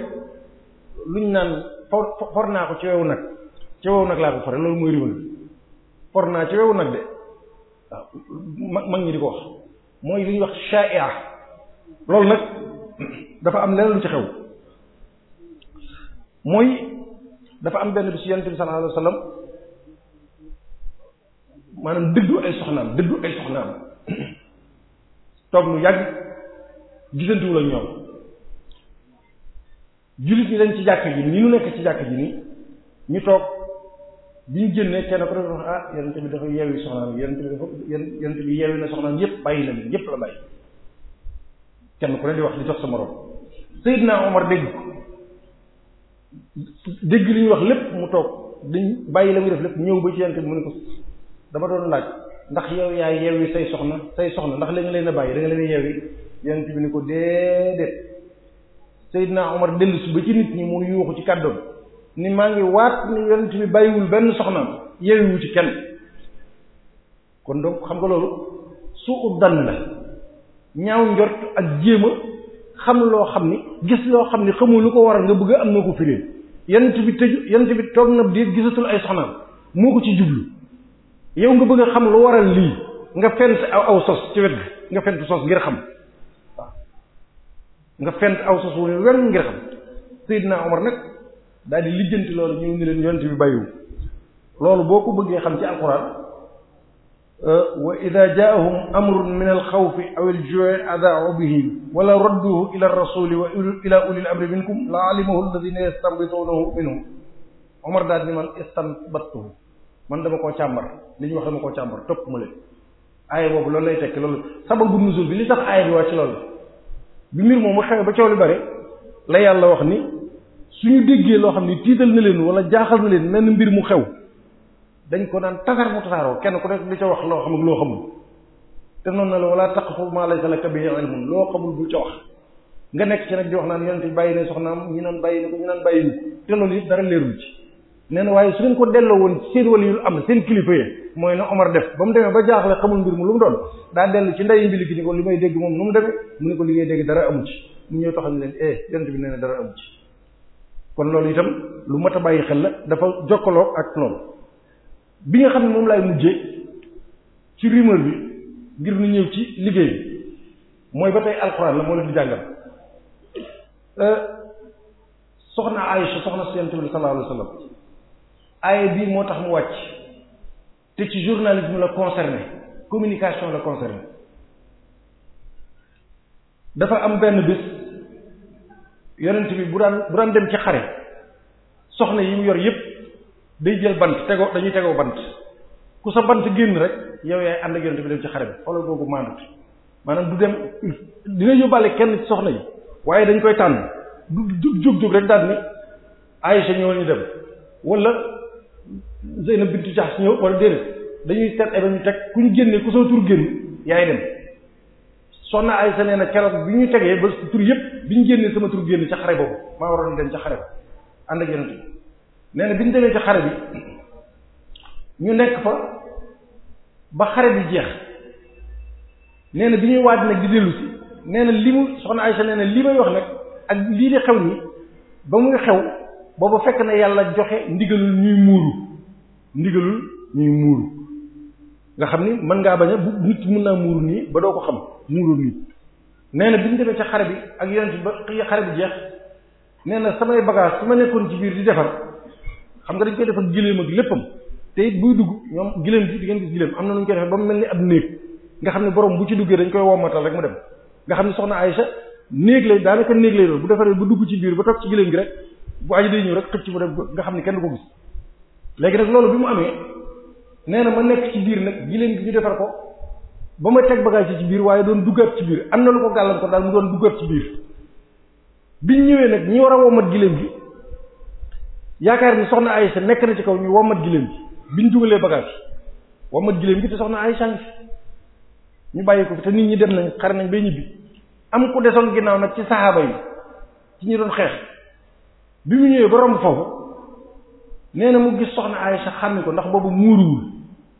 luñ naan for for naa ko ci wewu nag ci wewu nag laa ko fore loolu mooy rumeur for naa ci wewu nag de waaw mag ñi di ko wax mooy li ñuy wax shaia loolu nag dafa am leneen ci xew mooy dafa am benn bi si yonent bi sallallahu alayhi wasallam maanaam dëddu ay soxnaam dëddu ay soxnaam toog lu yàgg gisantuwul ak ñoom jullit ñi dañ ci jàkk ji ni ñu nekk ñu toog bi ñu génnee kenn ko def wax ah yonent bi dafa yeewi soxnaam yonent bi dafa yonent bi na soxnaam yépp bàyyi na leen yépp la bàyyi kenn ku ne di wax di jox sa morom Seydina Omar dégg dégg li ñu wax lépp mu toog dañ bàyyi la muy def lépp ñëw ba ci yante mu ne ko dama doon laaj ndax yow yaay yeewi say soxna say soxna ndax la nga leen a bàyyi da nga leen a yeewi yante bi ne ko dee Seydina Omar dellu si ba ci nit ñi mu yuuxu ci kàddoom ni maa ngi waat ni yonent bi bàyyiwul benn soxnaam yeewiwu ci kenn kon donc xam nga loolu su uddan la ñaaw njort ak jéema xam loo xam ni gis loo xam ni xamul lu ko waral nga bëgg am noo ko firil yonent bi tëju yonent bi toog na di gisatul ay soxnaam moo ko ci jublu yow nga bëgg a xam lu waral lii nga fent aw sos ci wet gi nga fent sos ngir xam waaw nga fent aw sos wu wer ngir xam Seydina Omar nag daal di lijjanti loolu ñu ni leen yonent bi bàyyiwu loolu boo ko bëggee xam ci alxuraan Euh, wa ida jaahum amrun min alxawfi aw alju'i bi bihi wala radduhu ila rasuli wa ila ulil amri minkum la alimahu alladina yastanbitunahu minhum Omar daal ni man istanbattuhu man dama koo càmbar li ñu wax dama koo càmbar topp ma leen aaya boobu loolu lay tekki loolu sababu nuzul bi li tax aaya bi wàcc loolu bi mbir moomu xew ba coow li bari la yàlla wax ni suñu déggee loo xam ne tiital na leen wala jaaxal na leen mel mbir mu xew dañ ko daan tasaar mu tasaaroo kenn ku nekk di ca wax loo xam ak loo xamul te noonu na la wala taqfu ma laysa laka bihi ilmun loo xamul bul ca wax nga nekk ci nag di wax naan yonent bi bàyyi na soxnaam ñi naan bàyyi na ko ñi naan bàyyi na ko te loolu yëpp dara leerul ci nee waaye su ngeen ko delloo woon seen wali yu am seen kilifa yi mooy na Omar def ba mu demee ba jaaxle xamul mbir mi lu mu doon daa dellu ci ndeyi mbili gi ni ko li may dégg moom nu mu ko li ngay dégg dara amu ci mu ñëw eh, bi nee na dara kon loolu itam lu mat a bàyyi xel la dafa jokkaloo ak loolu bi nga xam ne moom laay mujjee ci rumeur bi ngir ñu ñëw ci liggéey mooy ba tey alxuraan la moo la di jàngal euh, soxna Aïcha soxna si yonent bi sallallahu alayhi bii moo tax mu wàcc te ci journalisme la concerné communication la concerné dafa am benn bés yonent bi bu daan bu daan dem ci xare soxna yi mu yor yépp day jël bant tegoo dañuy tegoo bant ku sa bant génn rek yow yaay ànd bi dem ci xare bi xoolal googu maanut maanaam du dem dina yóbbaale kenn ci soxna waaye dañ koy tànn du jóg jóg rek daal ni Aysa ñëwal ñu dem wala Zeynab bintu Jahsh ñëw wala déedéet dañuy teg ay ñu teg ku ñu génnee ku sa tur génn yaay dem soxna Aysa nee na keroog bi ñu tegee ba tur yëpp bi ñu génnee sama tur génn ca xare boobu maa waroon dem ca xare ba ànd ak yonent nee na bi ñu demee ci xare bi ñu nekk fa ba xare bi jeex nee na bi ñuy waaj nag di dellu si nee na li mu soxna Aysa nee na li may wax nag ak lii di xew ni ba muy xew booba fekk na yàlla joxe ndigalul ñuy muuru ndigalul ñuy muuru nga xam ni mën ngaa bañ a bu nit mën naa muuru nii ba doo ko xam muuru nii nee na bi ñu demee ci xare bi ak yonent ba xare bi jeex nee na samay bagage su ma nekkoon ci biir di defar xam nga dañ koy def ak gileem ak léppam te it buy dugg ñoom gileem gi di ngeen gis gileem am na lu ñu koy defee ba mu mel ni ab néeg nga xam ne borom bu ci duggee dañ koy wommatal rek mu dem nga xam ne soxna Aysa néeg lay daanaka néeg lay doon bu defaree bu ba toog ci gileem gi rek bu aji day ñëw rek xëcc mu dem nga xam ne kenn du ko gis léegi loolu bi mu amee nee na ma nekk ci biir nag gileem gi ñu defar ko ma teg bagage yi ci biir waaye doon duggaat ci am na lu ko gàllankoor daal mu doon duggaat ci biir biñ ñëwee nag ñi war a wommat gileem gi yaakaar ni soxna Aysa nekk na ci kaw ñu wommat giléem gi bi ñu dugalee bagage wommat giléem gi te soxna Aysa ngi ñu bàyyi ko te nit ñi dem nañ xare nañ bay ñibbi am ku desoon ginnaaw nag ci saxaaba yi ci ñu doon xeex bi mu ñëwee ba romb foofu nee na mu gis soxna Aysa xàmmi ko ndax boobu muuruwul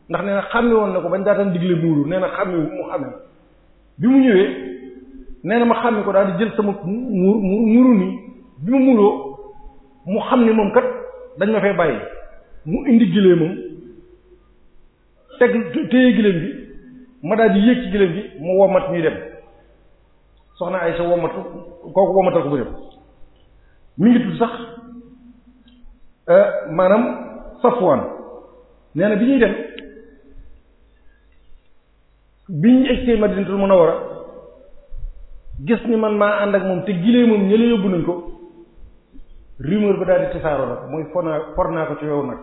ndax nee na xàmmi woon na ko bañ daataan digle muuru nee na xàmmi mu xàmmi bi mu ñëwee nee na ma xàmmi ko daal di jël sama muur muuru nii bi mu muuroo mu xam ne moom kat dañ ma fay bàyyi mu indi gileemam teg téye gileem bi ma daal di yéeg ci gileem bi mu womat ñuy dem soxna Aysa womat kooku womatal ko bu dem mi sax euh, maanaam Safwaan nee na bi ñuy dem bi ñu ma egsee Madinatul Munawwara gis ni man maa ànd ak moom te moom ñële yóbbu nañ ko rumeur ba daal di tasaaroo nag mooy for naa for naa ko ci yow nag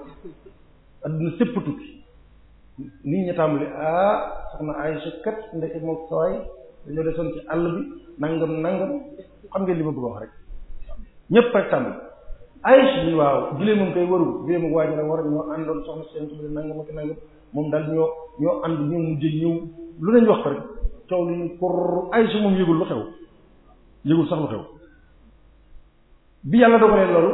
adduna sépp tukki nit ñi tàmbali ah soxna Aysa kat ndeke moom sawaay dañoo desoon ci àll bi nangam nangam xam bi war nangam nangam moom daal ñoo ñoo ñoo mujj ñëw lu nañ wax ko rek coow li ñu pour Aysa moom yëgul lu xew yëgul sax lu xew bi yàlla dogalee loolu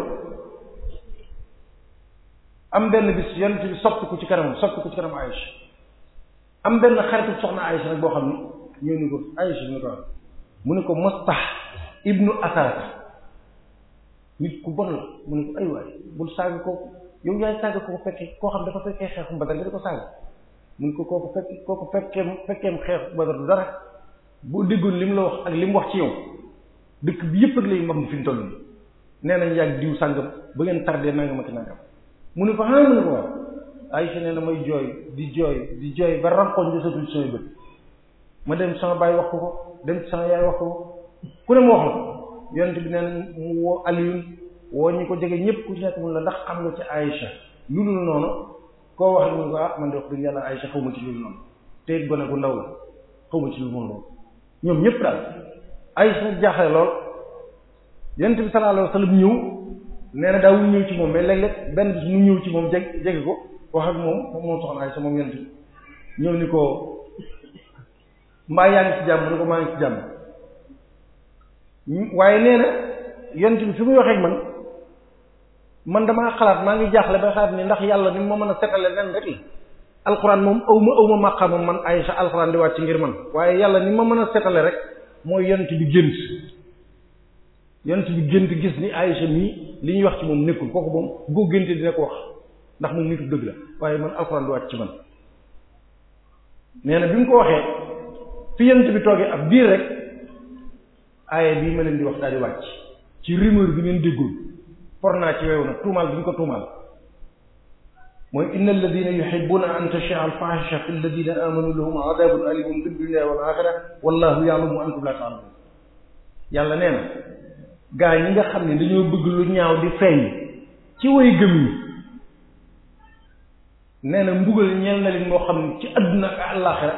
am benn bis yonent bi soppiku ci kanamam soppiku ci kanam Aïcha am benn xaritu soxna Aïcha nag boo xam ne ñëw ni ko ñu ko mu ne ko Mustah ibnu Asarata nit ku bon mu ne ko ay waay bul saaga kooku yow yaay saaga kooku fekkee koo xam dafa fekkee xeexum Badar nga di ko ko kooku fekk kooku fekkeem fekkeem dara boo déggoon li mu la wax ak li mu wax ci yow dëkk bi yëpp ak lay mag fi mu toll nee nañ yàgg diw sàngam ba ngeen tardé nangam ak nangam mu ne ko ah mu ne ko waaw Aïcha nee na may jooy di jooy di jooy ba rankoon gisatul ci samay bët ma dem sama baay wax ko dem sama yaay wax ko ku ne mu wax la yonent bi nee na mu woo Alioune woo ñi ko jege ñëpp ku ci nekk mun la ndax xam nga ci Aïcha lu dul noonu koo wax mu ne ko ah man de wax dëgg yàlla Aïcha xaw ma ci lu dul noonu te it gone gu ndaw la xaw ma ci lu mu noonu ñoom ñëpp daal lool. yonent bi sallallahu alayhi wasallam ñëw nee na daawul ñëw ci moom mais léeg-léeg benn bis mu ñëw ci moom jege jege ko wax ak moom moom moom soxna Aysa moom yonent bi ñëw ko mbaa yaa ngi ci jàmm mu waaye nee na yonent bi fi muy waxee man man damaa xalaat maa ngi jaaxle ba xalaat ni ndax yàlla ni ma mën a setale len rek la alxuraan moom aw ma aw ma màqaamam man Aysa alxuraan di wàcc ngir man waaye yàlla ni ma mën a setale rek mooy yonent bi gént yonent bi gént gis ni Aïcha mii li ñuy wax ci moom nekkul kooku moom boo géntee dina ko wax ndax moom nitu dëgg la waaye man alxuraan du wàcc ci man nee na bi mu ko waxee fi yonent bi toogee ab diir rek aaya bii ma leen di wax daal di wàcc ci rumeur bi ngeen déggul for naa ci wew nag tuumaal bi ñu ko tuumaal mooy inna alladina yuhibbuna an tashia alfahisha fi alladina amanu lahum adabun alimun fi dunya wal axira wallahu ya'lamu antum la ta'lamun yàlla nee na gaa yi nga xam ne dañoo bëgg lu ñaaw di feeñ ci way gëm yi nee na mbugal ñeel na leen moo xam ne ci àdduna ak àllaaxira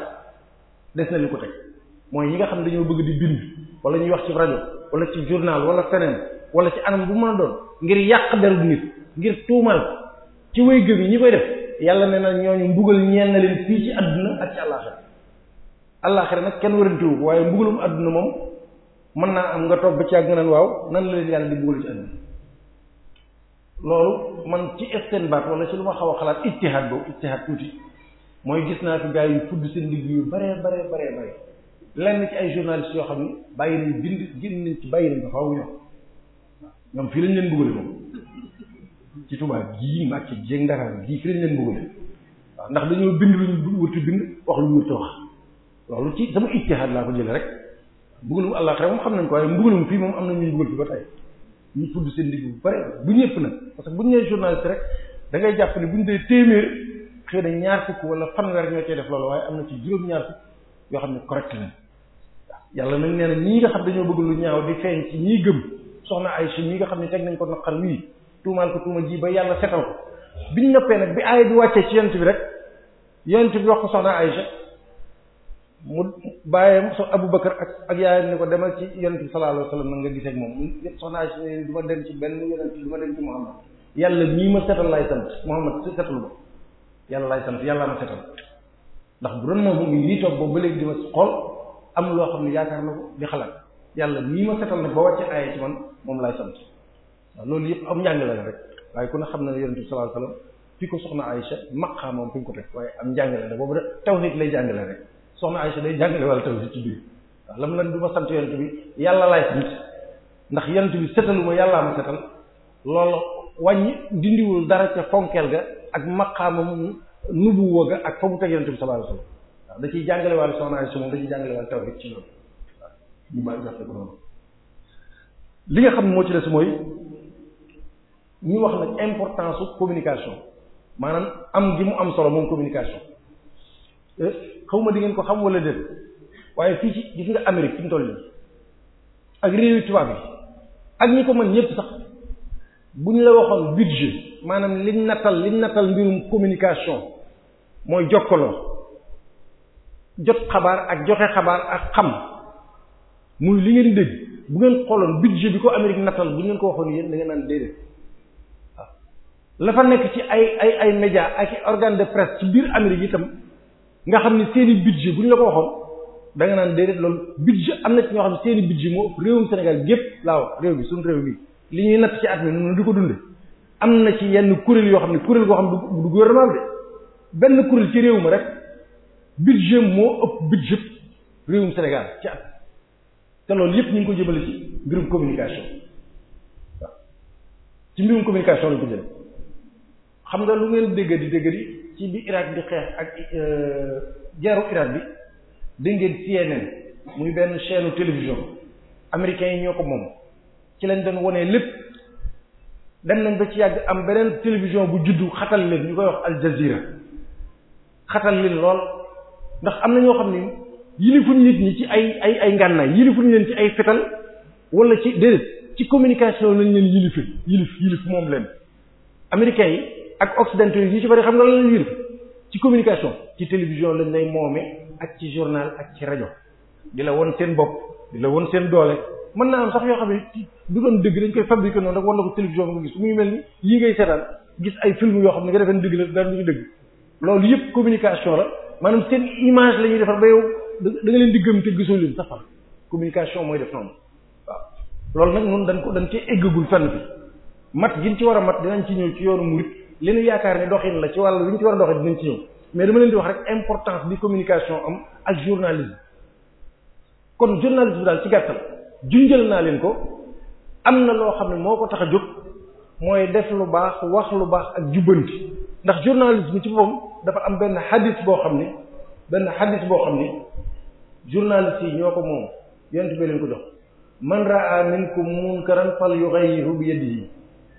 des na li ko teg mooy ñi nga xam ne dañoo bëgg di bind wala ñuy wax ci rajo wala ci journal wala feneen wala ci anam bu mën a doon ngir yàq deru nit ngir tuumal ci way gëm yi ñi koy def yàlla nee na ñooñu mbugal ñeel na leen fii ci adduna ak ci àllaaxira àllaaxira nag kenn warantiwu waaye mbugalum àdduna moom mën naa am nga toog ba ci ak nga naan waaw nan la leen yàlla di bëggal ci àdduna loolu man ci istinbaat wala ci lu ma xaw a xalaat ijtihaad boobu ijtihaad tuuti mooy gis naa fi gars yi tudd seen liggéey yu baree baree lenn ay journalistes yoo xam ne bàyyi nañ bind génn nañ ci bàyyi nañ ko faaw ñoom fii lañ leen bëggale moom ci tubaab gii Mbàkke jéeg Ndakaar gii fii lañ leen bëggale waaw ndax dañoo bind luñ wërti bind wax luñ wërti wax loolu ci sama ijtihaad laa ko jële rek mbugalum àllaaxira moom xam nañ ko waaye mbugalum fii moom am na ñuy mbugal fi ba tey ñu fudd seen digg bu bari bu ñëpp nag parce que bu ñu nee journaliste rek da jàpp ne bu dee téeméer xëy na ñaar fukk wala fanweer ñoo cey def waaye am na ci juróom-ñaar yoo xam ne correct na yàlla nag nee na ñii nga xam dañoo bëgg lu ñaaw di feeñ ci ñii gëm soxna Aysa ñii nga xam ne teg nañ ko naqar wii tuumaal ko tuuma ji ba yàlla setal bi ñu noppee nag bi aaya bi wàccee ci yonent bi rek yonent bi wax ko soxna Aysa mu bàyyam so Abubakar ak ak yaay ni ko demal ci yonent bi sallallahu alayhi wasallam nga gisee moom soxna Aysa ne du ma dem ci benn yonent ma dem ci Muhammad yàlla mii ma setal lay sant Muhammad setal ma yàlla lay sant yàlla ma ndax bu doon moom mu toog boobu ba léegi di xool am loo xam ne yaakaar na ko di xalaat yàlla mii ma setal nag ba wàcce moom lay sant waaw loolu yëpp am njàng la rek waaye ku ne xam na ne yonent bi sallallahu alayhi wasallam fi ko ko waaye am njàng la rek boobu de lay jàngale rek soxna Aysa day jàngale wàllu tawhid ci biir la lam lan du ma sant yonent bi yàlla laay sant ndax yonent bi setalu ma yàllaa ma setal loolu wàññi dindiwul dara ca fonkeel ga ak maqaamam nubuwa ga ak fa mu teg yonent bi sallallahu alayhi wasallam waaw da ciy jàngale wàllu soxna Aysa moom da ciy jàngale ci loolu li nga xam ne moo ci des mooy muy wax nag importance su communication maanaam am gi mu am solo moom communication euh, xaw ma di ngeen ko xam wala déet waaye fii ci gis nga Amérique fi mu toll nii ak réewi tubaab yi ak ñi ko mën ñëpp sax bu ñu la waxoon budget maanaam li nattal liñ nattal mbirum communication mooy jokkaloo jot xabaar ak joxe xabaar ak xam muy li ngeen dégg bu ngeen xooloon budget bi ko Amérique nattal bu ngeen ko waxoon yéen da ngeen naan déedéet waaw la fa nekk ci ay ay ay média ak organe de presse ci biir Amérique itam nga xam ne seen bit budget bu ñu la ko waxoon da nga naan déedéet loolu budget am na ci ñoo xam ne seen bit budget moo ëpp réewum Sénégal gépp laa wax réew bi suñu réew bi li ñuy natt ci at mi noonu di ko dunde am na ci yenn kuréel yoo xam ne kuréel goo xam ne du gouvernement bi benn kuréel ci réew mi rek budget moo ëpp budget réewum Sénégal ci at te loolu yëpp ñu ngi ko jëmale ci mbirum communication waaw ci mbirum communication lañ ko jël xam nga lu ngeen dégg di dégg di ci bi Irak di xeex ak geeru euh, Irak bi da ngeen CNN muy benn chaîne télévision américains yi ñoo ko moom ci lañ doon wonee lépp dem nañ ba ci yàgg am beneen télévision bu juddu xatal leen ñu koy wax Al xatal leen lool ndax am na ñoo xam ne yilifuñ nit ñi ci ay ay ay ngànnaay yilifuñ leen ci ay fetal wala ci déedéet ci communication lañ leen yilifee yilif yilif moom leen américains yi ak occidentaux yi ci bari xam nga lan la yërëb ci communication ci télévision lañ lay moome ak ci journal ak ci rajo di la won seen bopp di la won seen doole mën naa am sax yoo xam ne du doon dëgg dañ koy fabriquer noonu rek war na mu mel ni yii ngay seetaan gis yoo xam ne nga defeen dëgg la dara du ñu loolu yëpp communication la maanaam seen image la ñuy defar ba yow leen di gëm te gisoo leen sax communication mooy def noonu waaw loolu nag noonu dañ ko dañ cee eggagul fenn bi mat gin ci war a mat dinañ ci ñëw ci yoonu murid li ñu yaakaar ne doxin la ci wàllu lu ñu ci war a doxee dinañ ci ñëw mais dama leen di wax rek importance bi communication am ak journalisme kon journalisme daal ci gàttal junjal naa leen ko am na loo xam ne moo ko tax a jóg mooy def lu baax wax lu baax ak jubbanti ndax journalisme ci boppam dafa am benn hadith boo xam ne benn hadith boo xam ne journalistes yi ñoo ko moom yonent bi leen ko jox man raa minkum munkaran fal yughayyirhu bi yadihi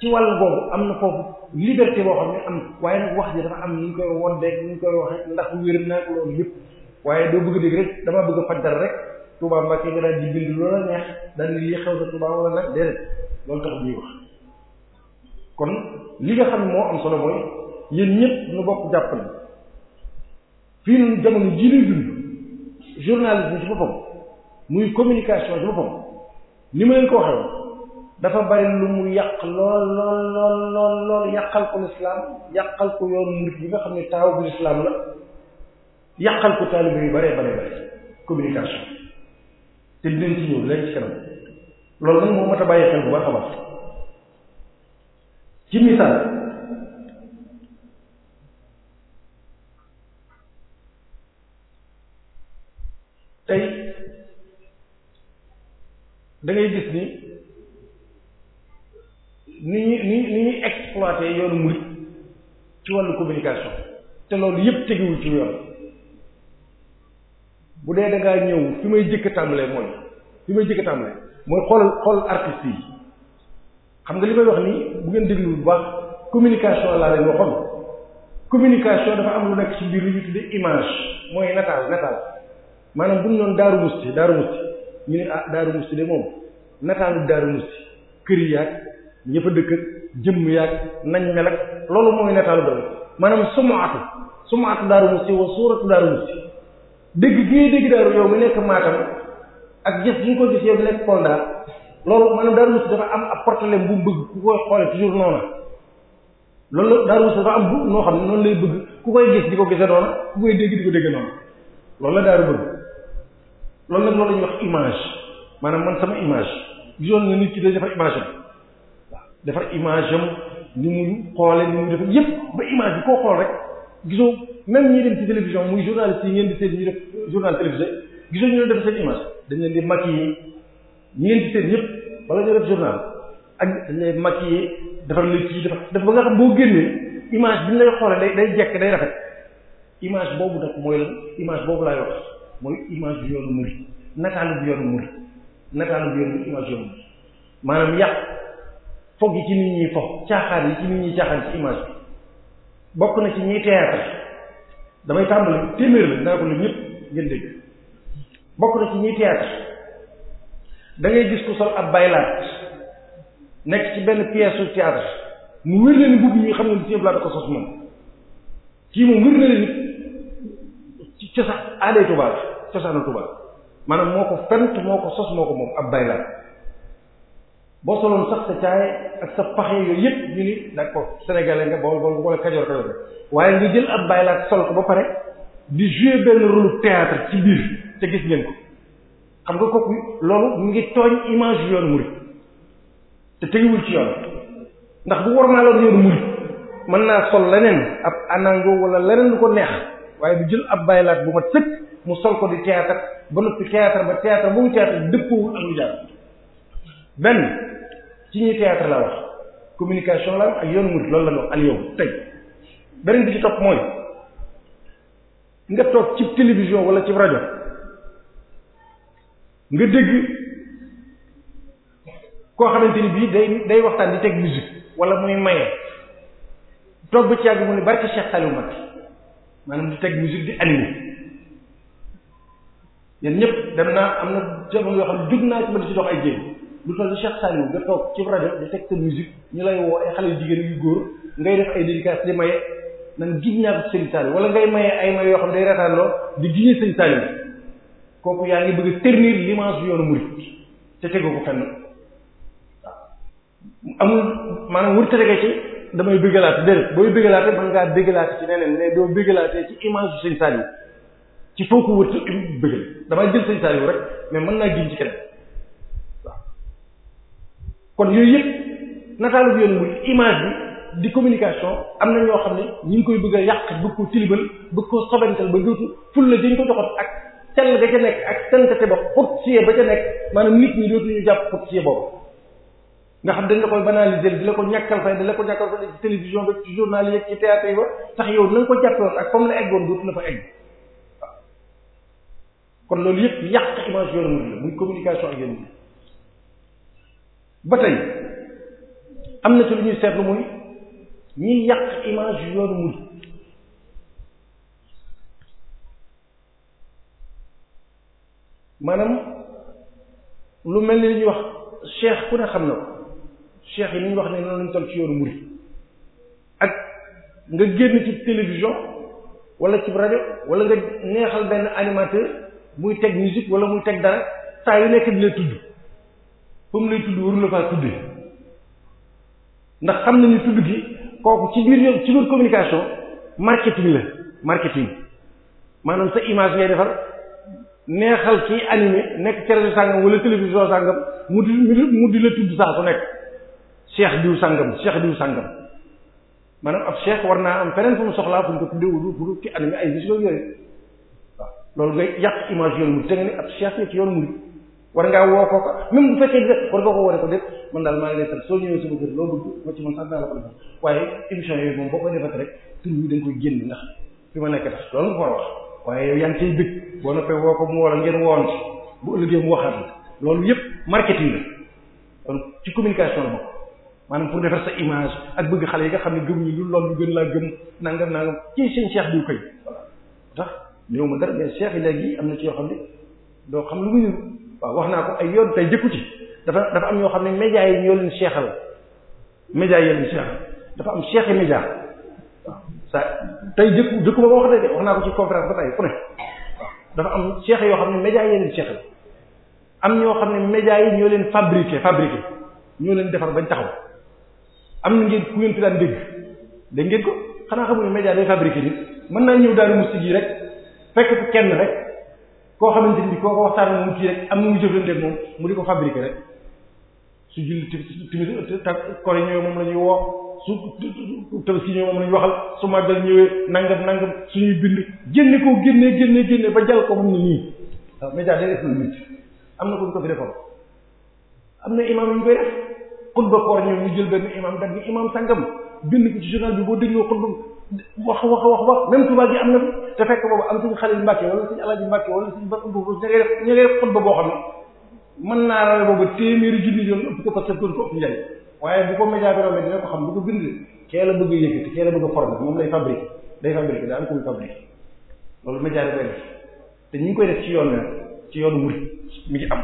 ci wàll boobu am na foofu liberté boo xam ne am waaye nag wax ji dafa am ni ñu koy woddeeg ni ñu koy waxee ndax wér na ak loolu yëpp waaye doo bëgg a dégg rek damaa bëgg a faj dara rek Touba Mbacké nga daal di bind loola neex daal lii xew na Touba wala nag déedéet loolu tax ñuy wax kon li nga xam ne moo am solo mooy yéen ñëpp nu bokk jàpp na fii nun jamono ji lay dund journalisme ci boppam muy communication ci boppam ni ma leen ko waxee dafa bari lu mu yàq lool lool lool lool yàqal ko lislaam yàqal ko yoon murid nga xam ne taawu bu lislaam la yàqal ko taalibe yu bare bare bare communication te dinañ ci ñëw ci kanam loolu nag moom mat a bàyyi xel bu baax a ci misaal tey da gis ni ni ñu ni ni ñuy exploité yoonu murid ci wàllu communication te loolu yëpp teguwul ci yoon bu dee da ngaa ñëw fi may jëkk tàmbalee mooy fi may jëkk tàmbalee mooy xool xool artistes yi xam nga li may wax nii bu ngeen déglu bu baax communication laa leen waxoon communication dafa am lu nekk ci biir li ñu tuddee image mooy nataal nataal maanaam bu ñu doon Daaru Musti Daaru Musti ñu ne ah Daaru Musti de moom nataalu Daaru Musti kër yaag ña fa dëkk jëmm yaag nañ mel ak loolu mooy netaalu doy maanaam sumaatu sumaatu daaru musi wa suuratu daaru musi dégg gi dégg daaru yow mi nekk Matam ak gis gi ko gis yow mi nekk Kolda loolu maanaam daaru musi am ab portele bu bëgg ku koy xoole toujours loolu la daaru musi dafa am bu noo xam noonu lay bëgg ku koy gis di ko gise noona ku koy dégg di ko dégg noona loolu la daaru bëgg loolu nag loolu la wax image maanaam man sama image gisoon nga nit ki day image bi defar image am ni muy xoole ni muy defar yépp ba image bi koo xool rek gisoo même ñi dem ci télévision muy journaliste yi ngeen di seen ñu def journal télévisé gisoo ñu leen def seen image dañ leen di maquiller ñi ngeen di seen ñëpp wala ñu def journal ak dañ leen maquiller defar lu ci defar def ba nga xam boo génnee image bi ñu lay day day jekk day rafet image boobu nag mooy image boobu laay wax mooy image bu yoonu mu nataalu bi yoonu murid nataalu bi yoonu image yoonu murid maanaam yàq fog yi ci nit ñi fog caaxaan yi ci nit ñi caaxaan ci image bokk na ci ñiy théâtre damay tàmbali téeméer la naa ko lu ñëpp ngeen dégg bokk na ci ñiy théâtre da gis ku sol ab baylaat nekk ci benn pièce su mu wér leen bugg yi xam ne bi da ko sos moom kii moom wér na leen ci cosaan aaday tubaab cosaanu tubaab maanaam moo ko fent moo ko sos moo ko moom ab baylaat boo soloon sax sa caay ak sa paxe yooyu yëpp ñu ni d'accord sénégalais nga bool bool wala kajoor kajoor nga waaye nga jël ab bàyyi sol ko ba pare di jouer benn rôle théâtre ci biir te gis ngeen ko xam nga ko loolu mu ngi tooñ image yoonu murid te teguwul ci yoon ndax bu war maa loon yoonu murid mën naa sol leneen ab ànnango wala leneen lu ko neex waaye du jël ab bàyyi bu ma tëkk mu sol ko di théâtre ba noppi théâtre ba théâtre ba mu théâtre dëppoowul ak ci ñuy théâtre laa wax communication laa ak yoonu murid loolu la ñu wax tey beneen bi ci topp mooy nga toog ci télévision wala ci rajo nga dégg koo xamante ni bii day day waxtaan di teg musique wala muy maye toog bi ci yàgg mu ne barke Cheikh Saliou Mbacké maanaam di teg musique di animé yéen ñëpp dem naa am na jamono yoo xam ne naa ci di ci dox ay jéem lu toll ni Cheikh Saliou nga toog ci rajo di teg sa musique ñu lay woo ay xale jigéen yu góor ngay def ay dédicace di maye nan gis naa ko Sëñ Saliou wala ngay maye ay maye yoo xam day retaan lool di gisee Sëñ Saliou kooku yaa ngi bëgg a ternir l'image yoonu murid te tegu ko fenn waaw amul maanaam wër tege ci damay bëggalaate déedéet booy bëggalaate mën ngaa bëggalaate ci neneen ne doo bëggalaate ci image yu Sëñ Saliou ci foo ko wër bëggal damay jël Sëñ Saliou rek mais mën naa gis ci keneen kon yooyu yëpp nataalu bi yoon muy image bi di communication am na ñoo xam ne ñu ngi koy bëgg yàq bëgg ko tilibal bëgg ko sobental ba dootu ful la dañ ko joxoon ak sell ga ca nekk ak sainteté ba ba ca nekk maanaam nit ñi dootuñu jàpp foncier boobu nga xam dañ la koy banaliser di la ko ñàkkal fay di la ko ñàkkal fay ci télévision ba journal yi ci théâtre yi ba tax yow na nga ko jàppewoon ak comme la eggoon dootu la fa egg kon loolu yëpp yàq image yoonu murid la muy communication ak yoonu murid ba tey am na ci lu ñuy seetlu muy ñiy yàq image yu yoonu mujj maanaam lu mel ni li ñuy wax cheikh ku ne xam na ko cheikh yi ni ñu wax ne noonu lañ toll ci yoonu murid ak nga génn ci télévision wala ci rajo wala nga neexal benn animateur muy teg musique wala muy teg dara saa yu nekk di la tudd fu mu lay tudd waru la faa tuddee ndax xam nañu tudd gi kooku ci biir ñoom ci biir communication marketing la marketing maanaam sa image ngay defar neexal ci animé nekk ci rajo sàngam wala télévision sàngam mu di mu di la tudd saa su nekk cheikh diw sàngam cheikh diw sàngam maanaam ab cheikh war naa am feneen fu mu soxlaa fu mu ko tuddee wala fu ci animé ay vision yooyu waaw loolu ngay yàq image yoon mu te nga ne ab cheikh la ci mu war ngaa woo ko ko même bu fekkee def war nga ko woo ko def man daal maa ngi lay sant soo ñëwee sama kër loo bëgg ma ci man sax daa ko defal waaye émission yooyu moom boo ko defati rek tur dañ koy génn ndax ma nekk tax loolu waaye yow yaa ngi cay woo ko mu wala ngeen woon ci bu ëllëgee loolu yëpp marketing la kon ci communication la bokk maanaam pour defar sa image ak bëgg xale yi nga xam ne gëm ñu lu loolu gën laa gëm naa nangam ci seen cheikh diw koy voilà tax néew ma dara mais cheikh yi léegi am na ci yoo xam ne doo xam lu muy waaw wax naa ko ay yoon tey jëkku ci dafa dafa am ñoo xam ne médias yi ñoo leen seexal médias yi ñoo seexal dafa am seexi média waaw sa tey jëkku jëkku ba ma ko ci conférence ba tey ku am seex yoo xam ne médias yi ñoo leen seexal am ñoo xam ne médias yi ñoo leen fabriqué fabriqué ñoo leen defar bañ taxaw am na ngeen ku ngeen fi daan dégg dégg ngeen ko xanaa xamul media média day nit mën naa ñëw daal mustique yi rek fekk fi kenn rek. koo xamante ni koo ko waxtaan moom kii rek am na mu jëflanteeg moom mu di ko fabriquer rek su julli tamit ta kor yi moom la ñuy woo su tabaski ñëwee moom la ñuy waxal su màggal ñëwee nangam nangam suñuy bind génne koo génne génne génne ba jàll ko moom ne nii waaw média day économique am na ko ñu ko fi defoon am na imam yu ñu koy def xutba koor ñëw ñu jël benn imam daf imam sangam bind ko ci journal bi boo dégloo xutba wax wax wax wax même tubaab te fekk boobu am suñu xalil mbàkke wala suñu mbàkke wala suñu bas boo xam ne mën naa rawe boobu téeméeri junni yoon ëpp ko waaye bu ko média ko xam bu ko bind la bëgg a yëkkati kee a former moom lay fabriqué day fabriqué daal koy ngi koy def ci yoon ci yoonu murid mi ngi am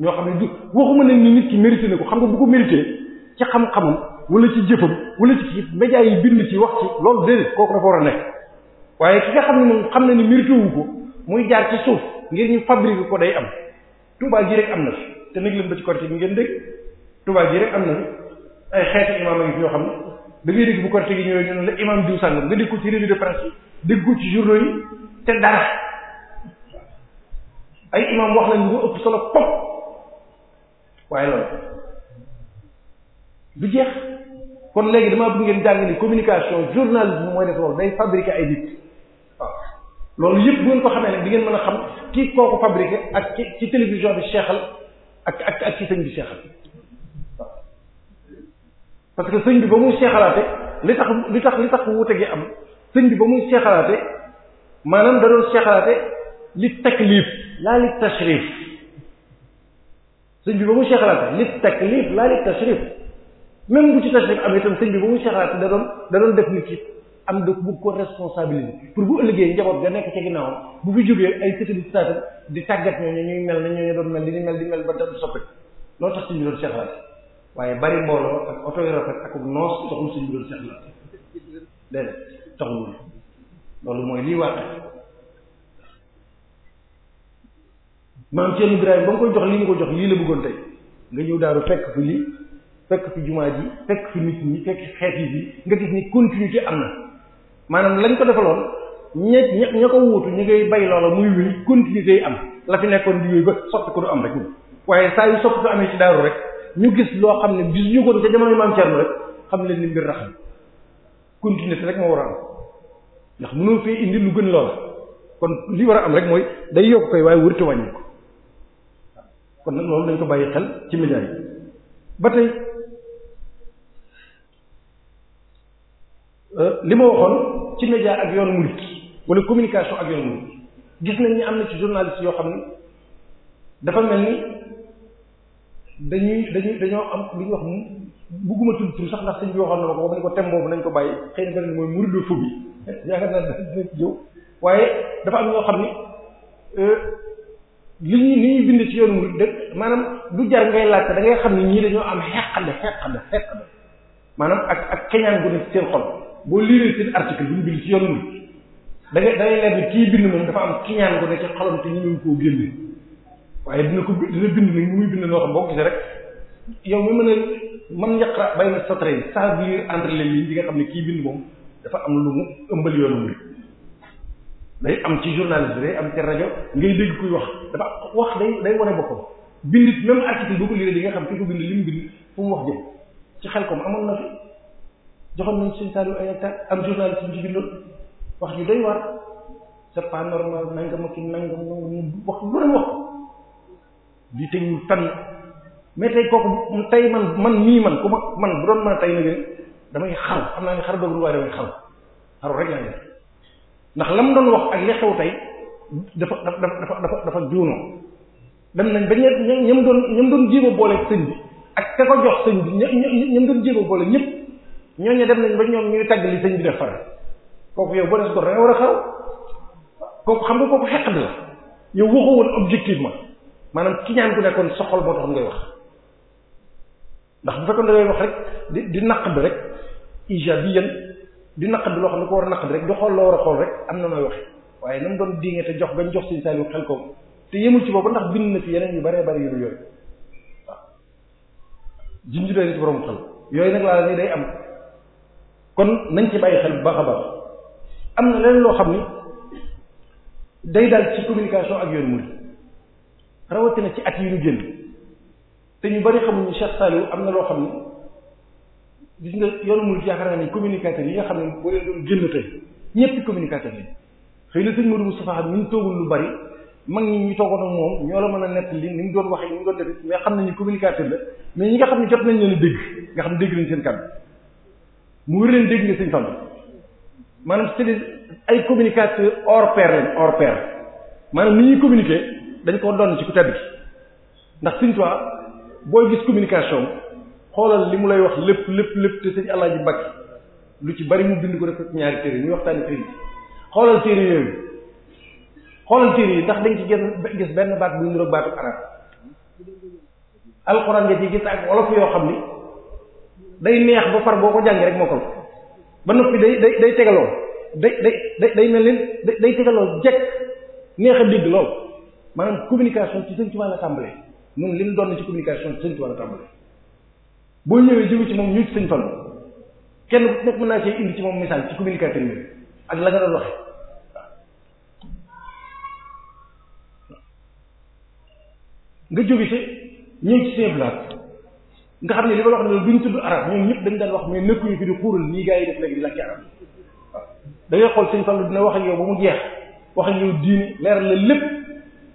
ñoo xam ne ni nit ki mérité na ko xam nga bu ko mérité ci xam-xamam wala ci jëfam wala ci kii média yi bind ci wax ci loolu ko kooku dafa war a nekk waaye ki nga xam ne moom xam na ni mérité wu ko muy jaar ci suuf ngir ñu fabriquer ko day am Touba ji rek am na fi te nag leen ba ci ngeen dégg Touba ji rek am na ay xeeti imaam yi yoo xam ne da ngay bu Korité gi ñëwee ñu ne la imaam diw sàngam nga dégg ko ci revue de presse dégg ko ci journaux yi te dara ay imaam wax nañ lu ëpp solo pop waaye loolu du jeex kon léegi damaa bëgg ngeen jàng ni communication journalisme mooy def loolu day fabriquer ay nit loolu yëpp bu ngeen ko xamee nag di ngeen mën a xam kii kooku fabriqué ak ci ci télévision bi seexal ak ak ak ci sëñ bi seexal parce que sëñ bi ba muy seexalaate li tax li tax li tax wuute gi am sëñ bi ba muy seexalaate maanaam da doon li taklif laa li tashrif sëñ bi ba muy seexalaate li taklif laa li tashrif même bu ci tashrif am itam sëñ bi ba muy seexalaate da doon da doon def nit ki am da bu ko responsabiliser pour bu ëllëgee njaboot ga nekk ci ginnaawam bu fi jógee ay sëtali saatam di tàggat ñooñu ñuy mel na ñooñu doon mel li ñu mel di mel ba dara tax suñu doon seexlaat waaye bari mbooloo ak oto mooy lii waat maam Cheikh Ibrahima ba nga koy jox lii nga ko jox lii la bëggoon tey nga ñëw daaru fekk fi lii fekk fi jumaa ji fekk fi nit ñi fekk xeet yi nga gis ni continuité am na maanaam lañ ko defe defaloon ña ña ña ko wuutu ñu ngay bay loola muy wéy continuité am la fi nekkoon di yooyu ba sotti ko du am rek waaye saa yu sotti ko amee ci daaru rek ñu gis loo xam ne bis ñu ko doon ca jamono maam Cerno rek xam leen ni mbir raxam continuité rek moo war a am ndax mënoo fee indi lu gën loola kon li war a am rek mooy day yokk koy waaye wërte wàññi ko kon nag loolu dañ ko bàyyi xel ci médias yi ba tey Euh, li ma waxoon ci média ak yoonu murid wala communication ak yoonu murid gis nañ ni am na ci journaliste yoo xam ne dafa mel ni dañuy dañuy dañoo am lu ñuy wax bugguma tudd tur sax ndax sëñ bi waxoon na ma ko wax ni ko tem boobu nañ ko bàyyi xëy na beneen mooy muridophobie yaakaar naa dina ci jëw waaye dafa am ñoo xam ni euh, li ñuy li ñuy bind ci yoonu murid dëkk maanaam du jar ngay laajte da ngay xam ni ñii dañoo am xeqale xeqale xeqale maanaam ak ak keñaan gu boo liiree seen article bi ñu bind ci yoonu mu da ngay da kii bind moom dafa am kiñaan ko ne ci xolam te ñu ngi koo génne waaye dina ko dina bind ni muy bind noo xam boo gisee rek yow mi mën a man na sotrei sa bi entre les yi nga xam ne kii bind moom dafa am lu mu ëmbal yoonu mu day am ci journaliste day am ci rajo ngay dégg kuy wax dafa wax day day wane boppam bindit même article boo ko lire di nga xam ki ko bind li mu bind fu mu wax jëm ci xel kom amoon na joxoon nañ suñu saal ay attaque am journaliste bi ci bindoon wax yu doy waar c'est pas normal nangam ak nangam wax lu ne wax di teguwul fenn mais tey kooku tey man man nii man ku ma man bu doon mën a tey nag damay xaru xam naa ne xaru doogul waaye damay xaru xaru rek laa def ndax lam doon wax ak li xew tey dafa dafa dafa dafa dafa juunoo dem nañ ba ñoom ñoom doon ñoom doon jéem a boole sëñ bi ak te ko jox sëñ bi ñoom ñoom doon jéem a boole ñëpp. ñooñu dem nañ ba ñoom ñuy tagg li sëñ bi def faral kooku yow boo des ko da war a xaw kooku xam nga kooku xeq bi la yow waxoo woon objectivement maanaam ki ñaan ku nekkoon soxol moo tax ngay wax ndax bu fekkoon da ngay wax rek di di naq bi rek ijabiyan di naq bi loo xam ne ko war a naq bi rek di xool loo war a xool rek am na nooy waxe waaye na doon diine te jox bañ jox seen saal yu xel ko te yemul ci boobu ndax bind na ci yeneen yu bëree bëri yu dul yooyu waaw jinj yooyu nag laa day am. kon nañ ci bàyyi xel bu baax a baax am na leen loo xam ni day dal ci communication ak yoon murid rawatina ci at yi ñu génn te ñu bari xamuñu Cheikh Saliou am na loo xam ni gis nga yoon murid yaakaar naa ni communicateurs xam ne boo leen doon génn tey ñëpp communicateurs yi xëy na sëñ Modou Moustapha lu bari mag ñi ñu toogoon ak moom ñoo la mën a nett li ni mu doon waxee nañu communicateur la mais ñi nga xam ne jot nañ leen dégg nga xam ne dégg nañ seen kàddu mu wér leen dégg nga sëñ Fallu maanaam c'est ay communicateur hors pair lañ hors pair maanaam ni ñuy communiquer dañ ko doon ci ku tedd ndax sëñ Tuubaa booy gis communication xoolal li mu lay wax lépp lépp lépp te sëñ Alaaji Mbàkke lu ci bari mu bind ko def ñaari téere ñuy waxtaani téere yi xoolal téere yooyu xoolal téere yi ndax dañ ci gën gis benn baat bu ñu roog baatu arab alxuraan nga ci gis ak wolof yoo xam ni day neex ba far boo ko jàngee rek mokkal ba noppi day day day tegaloo day day day mel ni day tegaloo jekk neex a digg lool maanaam communication ci Sëriñ Tuubaa la tàmbalee li mu doon ci communication ci Sëriñ Tuubaa la boo ñëwee jóge ci moom ñu ci Sëriñ Fallu kenn ku nekk mën naa cee indi ci moom misaal ci communicateur yi ak la nga doon waxe nga jóge ci ñëw ci seen blaat nga xam ne li ma wax ne duñ tudd arab ñoom ñëpp dañ daan wax mais nekkuñu fi di xuural nii gars yi def léegi di làkki arab waaw da ngay xool sëñ Fallu dina wax ak yow ba mu jeex wax ak yow diini leeral la lépp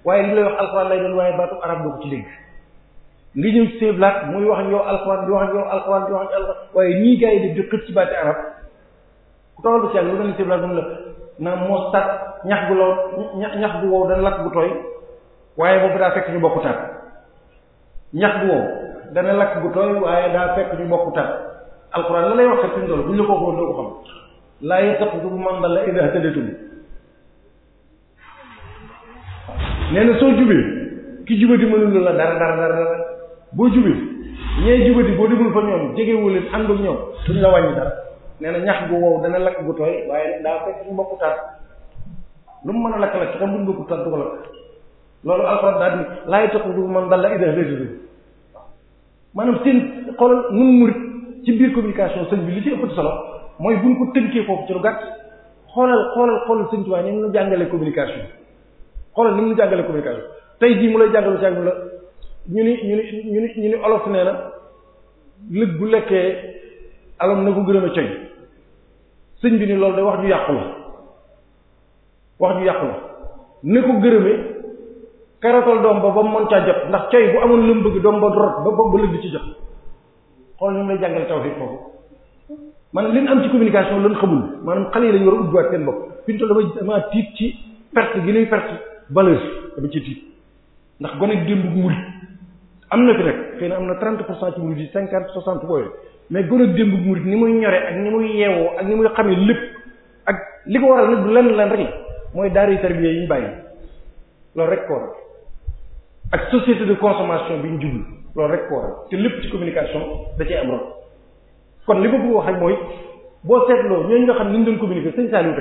waaye li lay wax alxuraan lay doon waaye baatu arab doo ko ci dégg nga ñëw wax ak yow alxuraan di wax ak yow alxuraan di wax ak alxuraan waaye nii gars yi def di xët ci baati arab ku toogal ci yàlla lu mel ni seen la naa moo sat ñax gu law ñax gu wow dana lakk bu tooy waaye boobu daa fekk ñu bokku taat ñax dana lakk bu tooy waaye daa fekk ñu bokk tànn alxuraan la lay wax ci bu ñu la ko waxoon doo ko xam laa yattaxidu man dalla idaa tadatum nee na la dara dara boo jubee ñee jubati boo demul fa ñoom leen àndul la wàññi dara ñax gu wow dana lakk bu waaye daa fekk ñu bokk mën a lakk lakk tam loolu alxuraan daal di laa yattaxidu maanaam seen xoolal mu murid ci biir communication sëñ bi li ci ëpp solo mooy buñ ko tënkee foofu ci lu gàtt xoolal xoolal xoolal sëñ Tuubaa ni mu jàngale communication xoolal ni mu jàngale communication tey jii mu lay jàngalu jàng la ñu ni ñu ni ñu ni ñu ni olof nee na lëg bu lekkee alam na ko gërëm a coy sëñ bi ni loolu de wax ju yàqu la wax ju yàqu na ne ko gërëmee kerotal doom ba ba mu mën caa jot ndax coy bu amoon lëm bëgg doom ba rot ba ba lëg ci jot xool ñu lay jàngale tawhid foofu man li ñu am ci communication lan xamul maanaam xale yi lañu war a ubbiwaat seen bopp fi ñu toll damay dama gi ñuy perte ci tiit ndax gone démb murid am na fi rek am na 30 pour cent ci murid yi 50 60 booyee mais gone démb murid ni muy ñore ak ni muy yeewoo ak ni muy xamee lépp ak li ko waral nag du lenn lenn rek la mooy daara tarbiya yi ñu bàyyi loolu rek ko ak société de consommation bi ñu jublu loolu rek koo waral te lépp ci communication da cee am rôle kon li ma bëgg wax ak mooy boo seetloo ñooñu nga xam ni ñu doon communiquer sëñ Saliou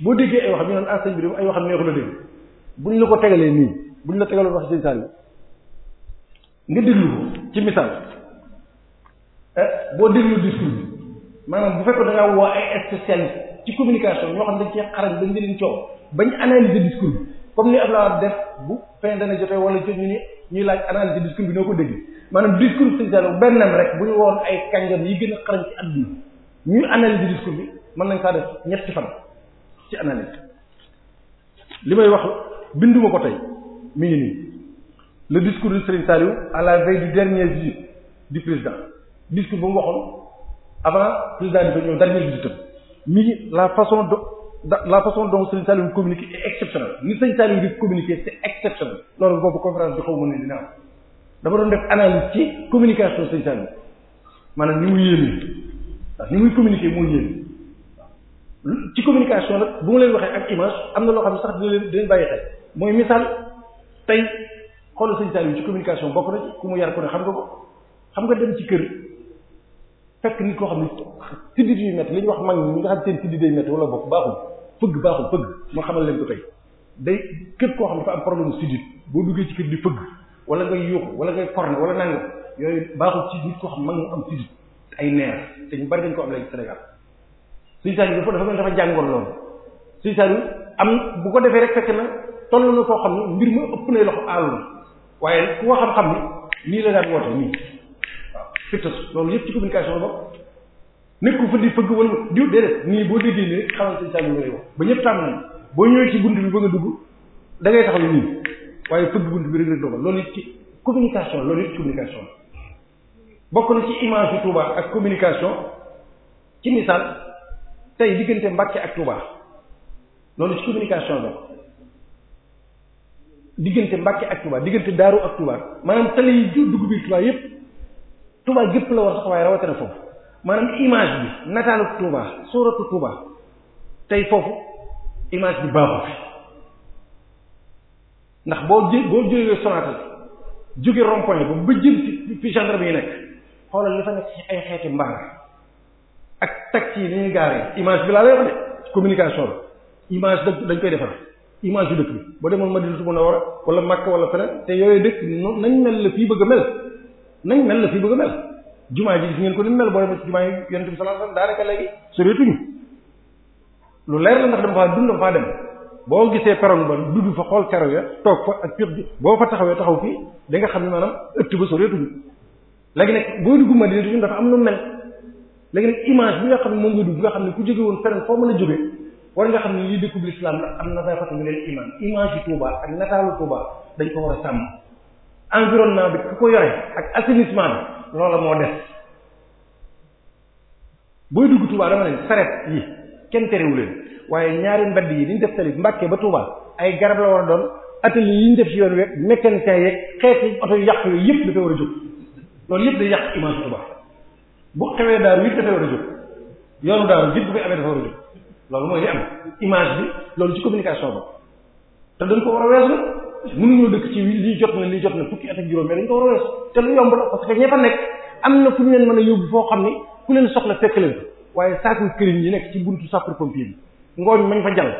boo déggee ay waxam ñu naan enseigne ah bi dam ay waxam neexul a dégg buñ la ko tegalee nii buñ la tegaloon wax sëñ Saliou nga déglu ko ci misaal eh, boo déglu discours bi maanaam bu fekkoon da ngaa ay spécialiste ci communication ñoo xam dañ cee xarañ dañ leen coow bañ analyser discours bi comme ni Abdoulaye Wade def bu fin d'année jotee wala jot ñu ni ñuy laaj analyse discours bi noo ko dégg maanaam discours Sëriñ benn bennam rek bu ñu woon ay kàngam yi gën a xarañ ci àdduna ñuy analyse discours bi mën nañ kaa def ñetti fan ci analyse li may wax binduma ko tey mi le discours de Sëriñ Saliou à la veille du dernier visite du président discours bu mu waxoon avant président bi ba ñëw dernier visite mi ngi la façon de da la façon dont Serigne Saliou communique est exceptionnelle ni Serigne Saliou di communiquer c'est exceptionnel loolu boobu conférence bi xaw ma ne dina am dama doon def analyse ci communication Serigne Saliou maanaam ni muy yéeme ndax ni muy communiquer moo yéeme waaw ci communication nag bu ma leen waxee ak image am na loo xam ne sax dina leen dinañ bàyyi xel mooy missal tey xoolal Serigne Saliou ci communication bokk na ci ku mu yar ko ne xam nga ko xam nga dem ci kër. fekk nit koo xam ne siddit yu métti li ñu wax mag ñi nga xam seen siddit day métti wala bokk baaxul fëgg baaxul fëgg ma xamal leen ko tey day kër koo xam ne dafa am problème boo duggee ci kër di wala ngay yuuxu wala ngay corne wala nangam yooyu baaxul ci nit koo xam am ay neer te ñu bari ko am léegi Sénégal suñu dafa dafa mel dafa jàngoon loolu suñu saa yi am bu ko defee rek fekk na toll na koo xam ne mbir ma ëpp nay loxo aalu na waaye ku ko xam-xam ni nii la daan woote nii firtos loolu yëpp ci communication la bokk nekkul fa di fëgg wala diw déedéet nii boo déggee nii xamal sëñ Saliou lay wax ba ñëpp tàmm nañ boo ñëwee ci bunt bi ba nga dugg dangay ngay taxaw nii waaye fëgg bunt bi rek rek loolu yëpp ci communication loolu yëpp ci communication bokk na ci communication ci misaal tey diggante Mbacke ak Touba loolu ci communication la diggante Mbacke ak Touba diggante Daaru ak Touba maanaam tali yi dugg biir Touba yëpp. Touba gépp la war taxawaay rawatina foofu maanaam image bi nataalu Touba suuratu Touba tey foofu image bi baaxu ndax boo jë boo jógee Sonatel jóge rond-point ba nekk xoolal li fa nekk ci ay xeeti mbaar ak taxi yi ni ñuy gaaree image bi laa lay wax de communication image dañ koy defar image yu dëkk bi boo demoon Madinatu Munawwara wala Makka wala feneen te yooyu dëkk nañ mel la fii bëgg a mel. nañ mel na fi bëgg a mel jumaa ji gis ngeen ko ni mel booy ci jumaa yi yonent bi sallallahu alayhi wasallam daanaka léegi soreetuñu lu leer la ndax dama faa dund dama dem boo gisee perron ba dugg fa xool kero ya toog fa ak piq bi boo fa taxawee taxaw fii danga xam ne maanaam ëtt ba soreetuñu léegi nag boo dugg Madina tuñu dafa am lu mel léegi nag image bi nga xam ne moom nga dugg nga xam ne ku jóge woon feneen foo mën a jóge war nga xam ne lii dëkkub l'islam la am na fay fatu nga leen iman image yi ak nataalu Touba dañ ko war a environnement bi ku ko yore ak assainissement bi loola moo des booy dugg Touba dama leen saret yi kenn terewu waaye ñaari mbedd yi liñ def tali Mbàkke ba Touba ay garab la war a doon atelier yi ñu def ci yoon weeg mécanicien yeeg xeeti oto yu yàq yooyu yëpp dafay war a jóg loolu yëpp day yàq image Touba bu xewee daaru yëpp dafay war a jóg yoonu daaru yëpp bu koy amee dafa war a jóg loolu mooy li am image bi loolu ci communication ba te dañ ko war a weesu mënuñoo dëkk ci lii jot na lii jot na fukki at ak juróom mais ñu ko war a wees te lu yomb la parce que ña nekk am na fu ñu leen mën a yóbbu foo xam ni ku leen soxla fekk leen waaye saaku këriñ yi nekk ci buntu sapeur pompier bi ngooñ mañ fa jàll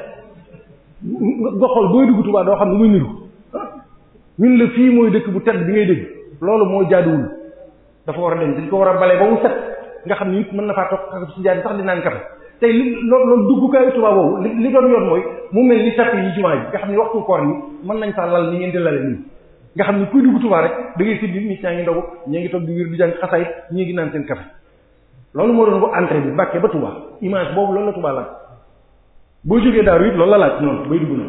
nga xool booy dugg Tuubaa doo xam ne muy niru ñun la fii mooy dëkk bu tedd bi ngay dégg loolu moo jaaduwul dafa war a dem dañ ko war a bale ba mu set nga xam ni nit mën na faa toog xaga si jaay sax di naan kafe tey li loolu loolu duggukaayu Tuubaa boobu li li doon yoon mooy mu mel ni tapis yi jumaa yi nga xam ne waxtu koor yi mën nañ saa lal ni ngeen di lale nii nga xam ne kuy dugg Tuubaa rek da ngay si nit ñaa ngi ndogu ñii ngi toog di wér di jàng xasaay ñii ngi naan seen café loolu moo doon bu entrée bi Mbàkke ba Tuubaa image boobu loolu la Tuubaa laaj boo jógee daaru it loolu noonu bay dugg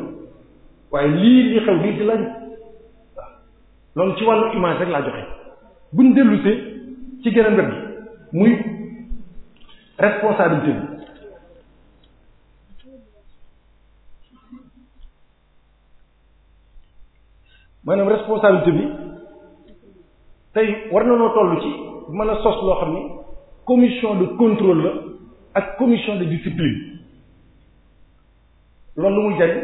waaye lii li xew loolu ci wàllu image rek laa joxe buñ dellusee ci geneen wet muy responsabilité maanaam responsabilité bi tey war na noo toll ci mën a sos loo xam ni commission de contrôle la ak commission de discipline loolu lu mu jariñ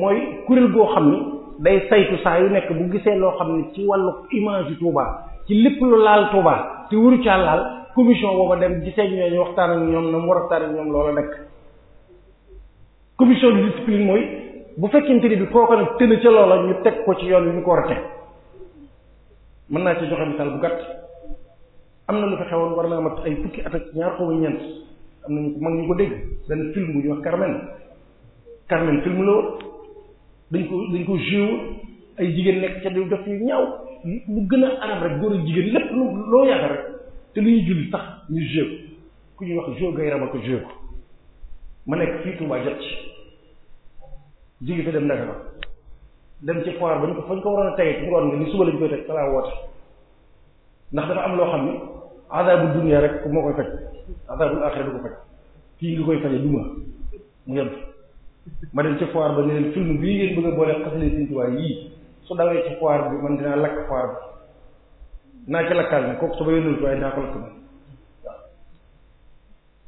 mooy kuréel goo xam ni day saytu saa yu nekk bu gisee loo xam ni ci wàllu image yu Touba ci lépp lu laal Touba te waru caa laal commission booba dem gisee ñoo ñu waxtaan ak ñoom na mu war a waxtaan nekk commission de discipline mooy bu fekkente ni bi kooka nag tëna ca loola ñu teg ko ci yoon wi ñu ko war a teg mën naa ci joxe misaal bu gàtt am na lu fi xewoon war naa mat ay fukki at ñaar xaw ma ñeent am na ñu mag ñu ko dégg benn film bu ñuy wax Carmen Carmen film la dañ ko dañ ko joué ay jigéen nekk ca di def yu ñaaw lu gën a arab rek góor a jigéen lépp lu loo yàgg rek te lu ñuy julli sax ñu joué ku ñuy wax joué gay rama ko joué ko ma nekk fii Touba jot ci jóge fa dem Ndakaaru dem ci foire ba ñu ko fa ñu ko waroon a tege ci ngoon nga ni suba lañ koy teg balaa woote ndax dafa am loo xam ne adaabul dunya rek moo koy faj adaabul aaxira du ko faj kii nga koy faje duma mu yem ma dem ci foire ba ne leen film bii ngeen bëgg a boole xasale Sëriñ Tuubaa yii su dawee ci foire bi man dinaa lakk foire bi naa ci lakkaal ne kooku su ma yónnee waaye dinaa ko lakk moom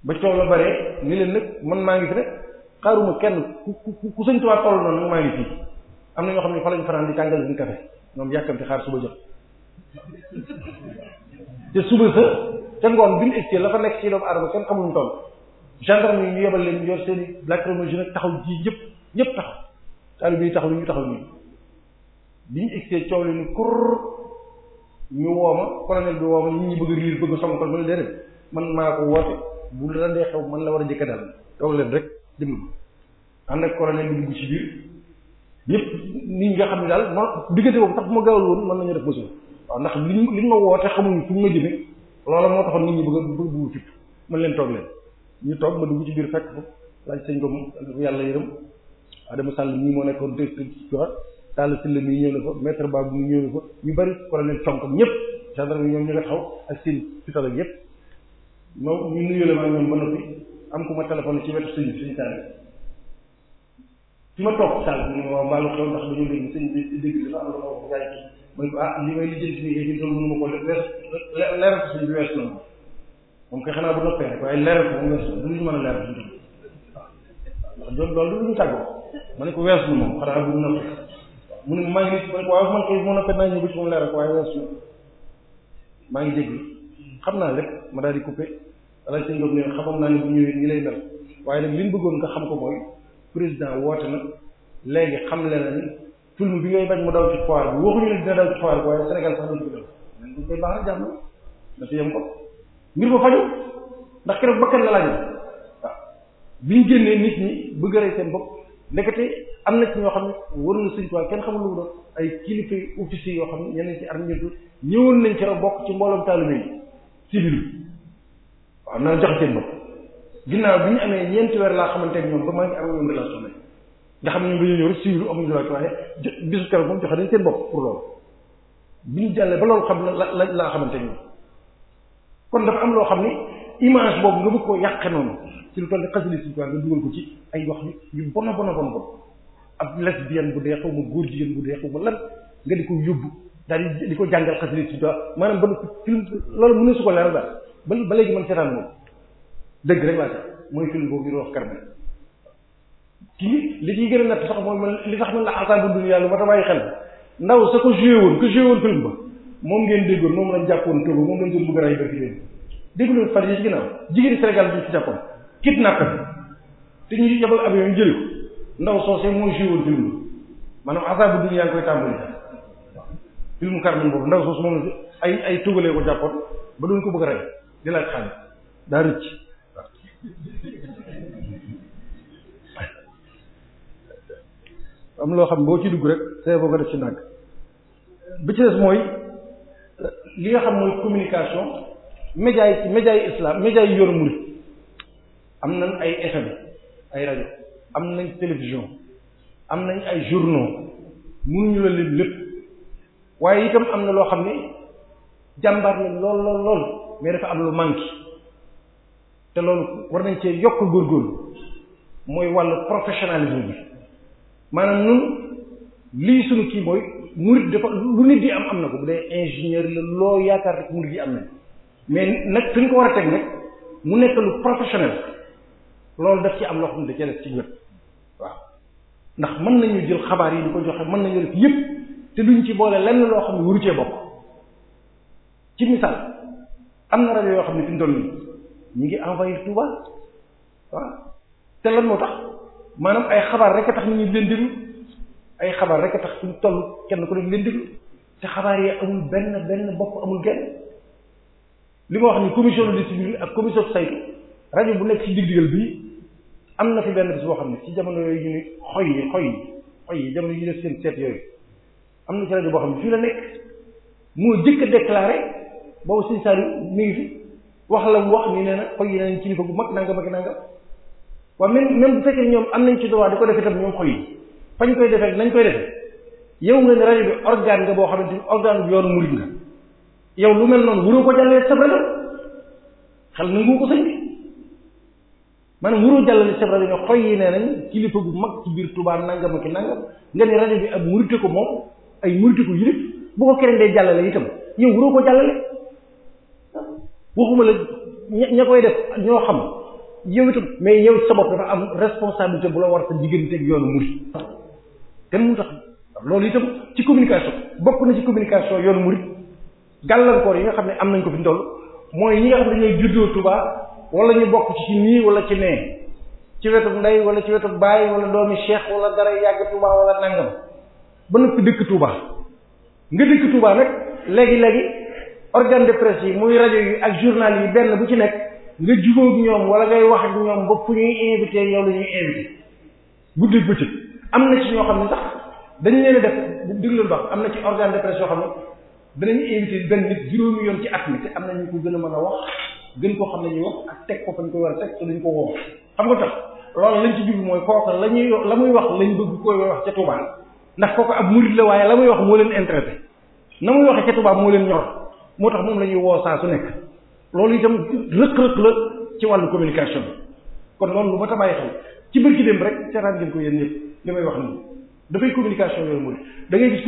ba coow la bare xaaruma kenn ku ku ku sëñ Tuubaa toll noonu maa ngi fii am na ñoo xam ne fa lañ fanaan di tàngal suñu café ñoom yàkkamti xaar suba jot te suba sa te ngoon bi ñu egsi la fa nekk ci doomu aadama kenn xamul mu toll gendarme yi ñu yebal leen yor seen i lacrymogène nag taxaw ji ñëpp ñëpp taxaw taali bi ñu taxaw nii bi ñu egsi li ni kur ñu wooma colonel bi wooma nit ñi bëgg riir bëgg som kon mën déedéet man maa ko woote bu la dee xew man la war a jëkka dal toog leen rek déglu ànd ak colonel bi dugg ci biir yëpp nit nga xam ne daal ma diggante boobu sax bu ma gaawal woon mën nañu def mosul waaw ndax liñ liñ ma woote xamuñu fu ma jëme mën leen toog leen ñu toog ma dugg ci biir fekk ko laaj sëñ ko yàlla yërëm Adama Sall mii moo nekkoon deux trois Talla Sylla ñëw na fa maître Babou mii ñëw na fa ñu bari colonel Sonko ñëpp gendarme yi ñoom ñu nga taxaw ak seen pistolet yëpp ñoom ñu nuyoo la maa ñoom ba noppi am ku ma téléphone ci wetu suñu suñu taal fi ma toog saal bi ma mbaalu xew ndax dañu ngi sëñ bi dégg dafa am lu ma ko ah li may lijjanti nii ñu toll mënuma ko leer leeral ko suñu bi weesu na moom kay xanaa bu noppee rek waaye leeral ko moom weesu na du ñu mën a ma ne ko weesu na ma ko waaw man koy mu ko waaye weesu na maa ngi dégg xam naa lépp ma daal alal seen doom neen xamoon naa ne bu ñëwee nii lay mel waaye nag li ñu bëggoon nga xam ko mooy président woote na léegi xam leen ni film bi ngay bañ mu daw ci foire bi waxuñu ne dina daw ci foire bi waaye Sénégal sax duñ ko def mais duñ koy baax na jàmm na ci yem ko mbir ba faju ndax keroog bakkan la laaj waaw biñ génnee nit ñi bëgg a rey seen bopp ndekete am na ci ñoo xam ne waruñu sëñ tuwaay kenn xamul lu mu doon ay kilifa officiers yoo xam ne ñeneen ci armée ñëwoon nañ keroog bokk ci mbooloom taalibe yi civil waaw naa joxe seen bopp ginnaaw bi ñu amee ñeenti weer laa xamante ne ñoom ba maa ngi amee woon relation nag nga xam ne ñun dañoo ñëw rek suivre amuñu laaj waaye jo bisu keroog moom joxe nañ seen bopp pour loolu bi ñu jàllee ba loolu xam la la laa xamante ne kon dafa am loo xam ne image boobu nga bëgg koo yàqe noonu ci lu toll ni xasida si nga dugal ko ci ay wax yu bon bon bu dee xaw ma góor jigéen bu dee xaw ma lan nga di ko di di ko jàngal xasida si maanaam ba film loolu mën na su ko leeral daal ba ba léegi man seetaan moom dëgg rek laa tax mooy film boobu ñu wax Carmen kii li ciy gën a natt sax mooy man li tax man la asaabu dunya xel ndaw sa ko woon moom ngeen déggoon moom a rey barki leen dégguloon fan yi ci bi ci jàppoon kidnappé te ñu yebal avion jëli ko ndaw soosee mooy joué woon film ay ay tugalee ko jàppoon ba doon ko bëgg a di laaj xaalis daa rëcc am loo xam boo ci dugg rek c'est boo nga def ci nag bi mooy li nga xam mooy communication média yi média yi islam média yi yoonu murid am nañ ay FM ay rajo am nañ télévision am nañ ay journaux mënuñu la leen lépp waaye itam am na loo xam ne jàmbaar lañ lool lool lool mais dafa am lu manqué te loolu war nañ cee yokk góorgóorlu mooy wàllu professionnalisme bi maanaam ñun lii suñu kii mooy murid dafa lu nit di am am na ko bu dee ingénieur la loo yaakaar rek murid yi am na mais nag fi ñu ko war a teg nag mu nekk lu professionnel loolu daf ci am loo xam ne da cee ci ñun waaw ndax mën nañu jël xabaar yi di ko joxe mën nañu def yëpp te duñ ci boole lenn loo xam ne wur cee bokk ci misaal am na rajo yoo xam ne fi mu toll ñu ngi envoyé Touba waaw te lan moo tax maanaam ay xabaar rek a tax ñu leen déglu ay xabaar rek a tax suñ toll kenn ku nekk leen déglu te xabaar yi amul benn benn bopp amul genn li moo xam ne commission de distribution ak commission de saytu rajo bu nekk ci digg digdigal bii am na fi benn bis boo xam ne ci jamono yooyu ñu ne xoy yi xoy yi jamono yu def seen seet yooyu am na ci rajo boo xam ne fii la nekk boobu sëñ Saliou mi ngi fi wax la mu wax ni nee xoy yi nañ kilifa gu mag nangam ak nangam waaye même même bu fekkee ñoom am nañ ci droit di ko def itam ñoom xoy yi fañ koy yow nga ne rajo bi organe ni organe bi yoonu yow lu mel noonu ko jàllee sab rajo xel ko sëñ bi maanaam wuroo jàllale sab rajo nga xoy yi nee nañ gu mag biir Touba nangam ak nangam nga ne bi ab murite ko moom ay murite ko yilif bu ko keneen dee jàllale itam yow wuroo ko jàllale waxuma la ña ña koy def ñoo xam yow itam mais yow sa bopp dafa am responsabilité bu la war sa digganteeg yoonu murid kenn mu tax loolu tam ci communication bokk na ci communication yoonu murid gàllankoor yi nga xam ne am nañ ko fi ndoll mooy ñi nga xam ne ñooy juddoo Tuubaa wala ñu bokk ci nii wala ci nee ci wetu ndey wala ci wetu baay wala doomi cheikh wala dara yàgg Tuubaa wala nangam ba noppi dëkk Tuubaa nga dëkk Tuubaa nag léegi-léegi organe de presse yi muy rajo yi ak journal yi benn bu ci nekk nga jubóog ñoom wala ngay wax ak ñoom ba fu ñuy invité yow la ñuy invité guddi bëccëg am na ci ñoo xam ne sax dañu leen a def diglul baax am na ci organe de presse yoo xam benn nit juróomi yoon ci at mi am na ñu ko gën a mën a wax gën koo xam ne ñuy wax ak teg ko fañ ko war ko woo xam nga tax loolu lañ ci mooy kooka la ñuy la muy wax lañ bëgg koy wax ca Touba ndax kooka ab murid la waaye la muy wax moo leen intéressé na muy waxee ca Touba moo leen ñor moo tax moom la ñuy woo saa su nekk loolu itam rëkk-rëkk la ci wàllu communication bi kon loolu lu ma tabaay xel ci biir gi dem rek seetaan ngeen ko yéen ñëpp li may wax nii dafay communication yooyu mooy da ngay gis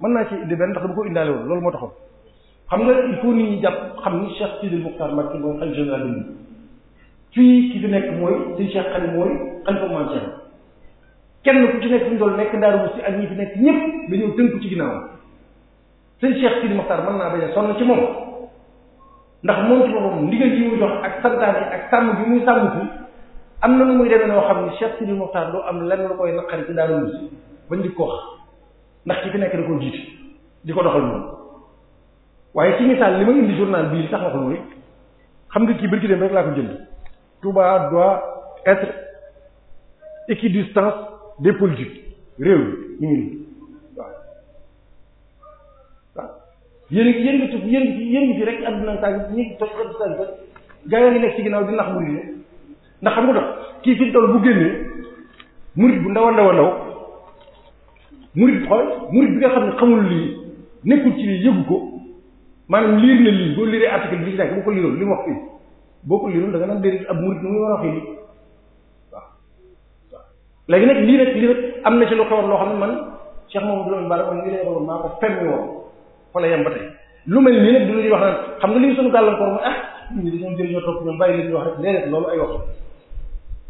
mën naa ci indi benn ndax dama ko loolu moo taxoon xam nga il faut nit xam ni Cheikh Sidil Mokhtar Mbacké mooy xalifa général bi fii ki fi nekk mooy suñu Cheikh Xali mooy xalifa ku ci nekk fi ñu doon ak ñi fi nekk ñëpp dañoo tënku ci ginnaaw sëñ Cheikh Sidi Mokhtar mën naa bañ a sonn ci moom ndax moom ci boppam ndigal yi muy jox ak santaane ak sàmm bi muy sàmm ci am na nu muy demee noo xam ne Cheikh Sidi Mokhtar doo am lenn lu koy naqari ci daal lu bañ di ko wax ndax ci fi nekk di ko doxal noonu waaye ci misaal li ma indi journal bii li tax waxul rek xam nga kii barki dem rek laa ko jënd Touba doit être équidistance des politiques réew mi yéen ngi yéen ngi tuf yéen ngi yéen ngi fi rek adduna sag ñu ngi toj di nax ndax xam nga dox kii fi bu génnee bu ndaw a ndaw a ndaw murid bi nga xam ne xamul lii nekkul ci lii yëgu ko maanaam liir na lii ko liiroon li mu a waxee lii waaw waaw nag lii nag lii am na ci lu xewoon loo xam ne man Cheikh Mamadou Lamine Bara man ngi lay waxoon maa ko fenn woon fa la ba tey lu mel nii nag du lu ñuy wax naan xam nga lii suñu gàllankoor mooy ah ñi dañoo jël ñoo topp ñoom bàyyi loolu ay wax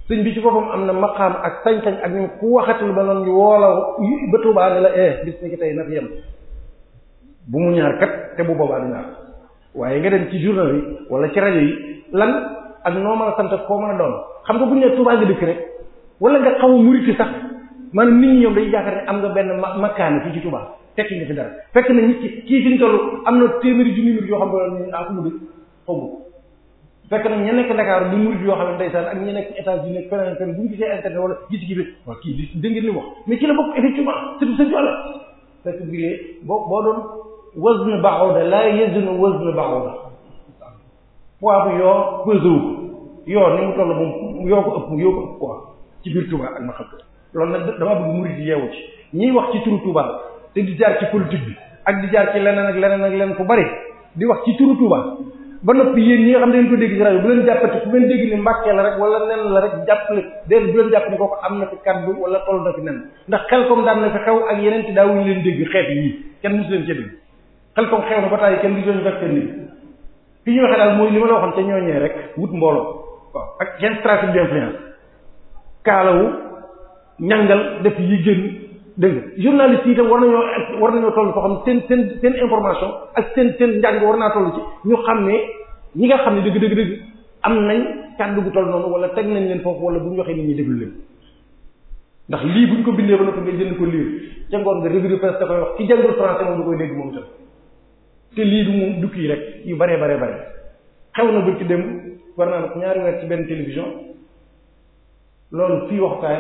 sëñ bi ci boppam am na maqaam ak sañ-sañ ak ñoom ku waxati lu mel noonu ñu woola ba Tuubaa ne la eh bis ni ki tey na fi bu mu ñaar kat te bu boobaa du ñaar waaye nga dem ci journal yi wala ci rajo yi lan ak noo mën sant koo mën a doon xam nga bu ñu nee Tuubaa nga dëkk rek wala nga xaw a muriti sax maanaam nit ñoom dañuy yaakaar ne am nga benn makkaane fii ci Tuubaa tekki nga fi dara fekk na nit ki kii fi ñu toll am na téeméeri junni murid yoo xam ne ko mu dëkk xawma fekk na ña nekk Dakar bu murid yoo xam ne ndeysaan ak ña nekk États-Unis ak feneen feneen gi bi waaw kii di dégg li wax mais ci la bokk boo boo doon wazn baxawda laa yaznu wazn baxawda poids bu yoo pesé wu yoo ni mu toll mu yoo ko ëpp yoo ko ëpp quoi ci biir Tuubaa ak ma xam loolu nag damaa bëgg murid yi yeewu ci ñiy wax ci turu Tuubaa te di jaar ci politique bi ak di jaar ci leneen ak leneen ak leneen ku bari di wax ci turu Touba ba noppi yéen ñi nga xam ne dañ ko dégg ci rajo bu leen jàppati fu ngeen dégg ni mbàkkee la rek wala nen la rek jàppale déen bu leen jàpp ni kooku am na fi kaddu wala toll na fi nen ndax xel comme daan na fi xew ak yeneen ci daawuñu leen dégg xeet yii kenn mosu leen ci dégg xel comme xew na ba tàyyi kenn di gisoñu fekk nit fi ñu waxee daal mooy li ma la waxoon te ñooñee rek mbooloo waaw ak seen stratégie d'influence kaalawu ñangal def yi gën dégg nga journaliste yi itam war nañoo war nañoo toll foo xam seen seen seen information ak seen seen njàng war naa toll ci ñu xam ne ñi nga xam ne dëgg dëgg dëgg am nañ kàddu gu toll noonu wala teg nañ leen foofu wala bu ñu waxee nit ñi déglu leen ndax lii bu ñu ko bindee ba noppi nga jënd ko lii ca ngoon nga revue de presse koy wax ci jàngul français moom du koy dégg moom tam te lii du moom dukk yi rek yu baree baree bare xew na bëgg ci dem war naa nag benn télévision loolu fii waxtaay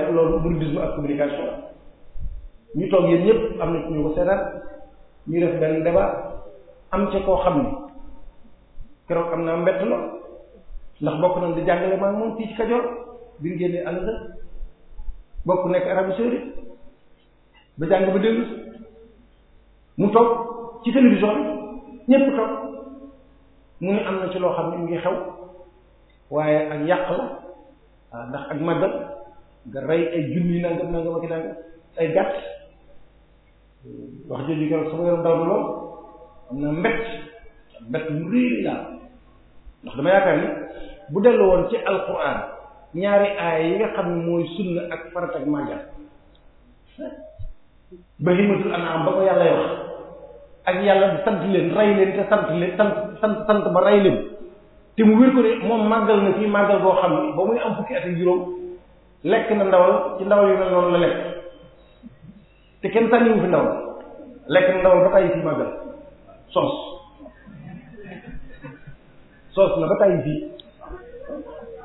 ñu toog yéen ñëpp am na ku ñu ko seetaan ñu def benn débat am ca koo xam ni keroog am naa mbett la ndax bokk nañ di jàngale maa moom fii ci Kajoor bi ñu génnee àll bokk nekk Arabie saoudite ba jàng ba déglu mu toog ci télévision bi ñëpp mu ne am na ci loo xam ne mu ngi xew waaye ak yàq la waaw ah, ndax ak màggal nga rey ay junni nangam nangam ak nangam ay gàtt wax jooju keroog sama yaram daw na lool am na mbett mbett mu réeri laa ndax dama yaakaar ni bu dellu woon ci alquran ñaari aaya yi nga xam ne mooy sunna ak farat ak màggal bahimatul an'am ba ko yàlla wax ak yàlla di sant leen rey leen te sant leen sant sant sant ba rey leen te mu wér ko ne moom màggal na fii màggal boo xam ne ba muy am fukki at juróom lekk na ndawal ci ndawal yi mel noonu la lekk te kenn sànniwu fi ndawal lekk ndawal ba tàyyi fii màggal soos soos la ba tàyyi fii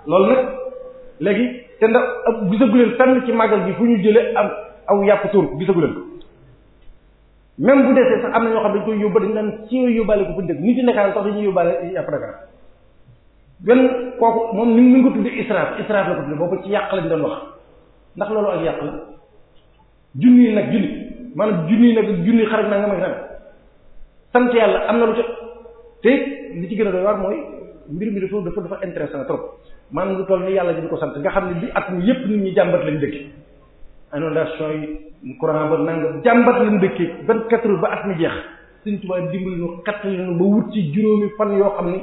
loolu nag léegi te ndax gisagu leen fenn ci màggal gi fu ñu jëlee am aw yàpp tuur gisagu leen bu defee sax am na ñoo xam ne dañ koy yóbba dañ daan ci yóbbaale ko fu ñu dëkk nit yi nekkaan sax dañuy yóbbaale yàpp Dakar benn kooku moom ñu mu ngi ko tuddee israaf israaf la ko tuddee boobu ci yàq lañ doon wax ndax loolu ak yàq la junniy nag junni maanaam junniy nag junniy xarak naa nga may nag sant yàlla am na lu ca te ni ci gën a doy waar mooy mbir mi dafa dafa dafa intéressant trop maanaam lu toll ni yàlla di ko sant nga xam ne bi at mi yépp nit ñi jàmbat lañ dëkk inondation yi courant ba nangam jàmbat lañ dëkkee vingt quatre heures ba at mi jeex suñ tubaab dimbali ñu xettali ñu ba wut ci juróomi fan yoo xam ni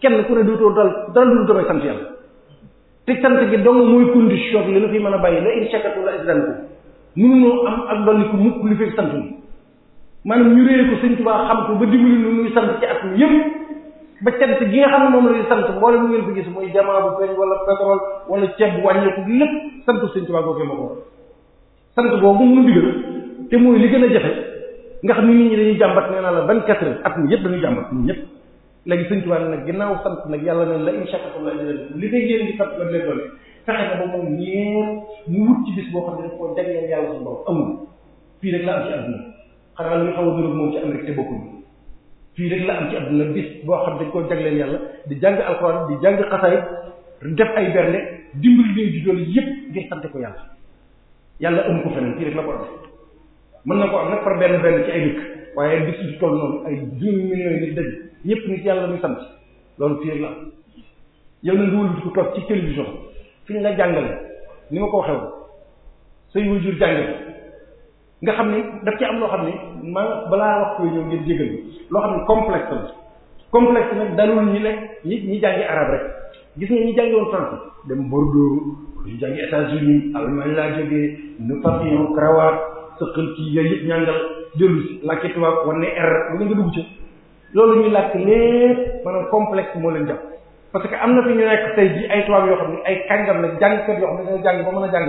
kenn ku ne dootoo dal dara lu damay sant yàlla te sant gi dong mooy condition bi li la fi mën a bàyyi la mënunoo am ak dolliku mukk li fekk sant ni maanaam ñu réere ko sëñ Tuubaa xam ko ba dimbali nu nuy sant ci at mi yëpp ba cant gi nga xam ne moom la ñuy sant mboolem ngeen di gis mooy jamaa bu feeñ wala pétrole wala ceeb bu wàññeeku lépp sant sëñ Tuubaa googee ma ko sant boobu mu digal te mooy li gën a jafe nga xam ne nit ñi dañuy jàmbat nee naa la vingt-quatre heures at mi yëpp dañuy jàmbat ñun ñëpp léegi sëñ Tuubaa ginnaaw sant nag yàlla ne la in shakartum la azidannakum li ngay yéen di sant la leen doole fexe na ba moom ñeent mu wut ci bis boo xam ne daf koo jagleel yàlla suñu borom amul la boo xam dañ koo jagleel yàlla di jàng alxuraan di jàng ay berne di doole yépp ngir sante ko yàlla am mën na ko am nag par benn waaye bis du yàlla muy sant loolu fii rek la am yow na nga wëlbati ko toog ci télévision fi ñu la jàngale ni ma ko waxee woon say wajur jàngale nga xam ne daf ci am loo xam ni ma balaa wax koy ñëw ngeen jégal loo xam ni complexe la complexe nag dalul ñi ne ñi ñi jàngi arab rek gis nga ñi jàngi woon français dem Bordeaux ñu jàngi États-Unis Allemagne laa jógee nu papillon cravate sëqal ci yooyu yëpp ñàngal dellu si làkki tubaab war ne r lu nga dugg ca loolu ñuy làkk lépp maanaam complexe moo leen jàpp parce que am na fi ñu nekk tey ji ay tubaab yoo xam ne ay kàngam la jàngkat yoo xam ne dañoo jàng ba mën a jàng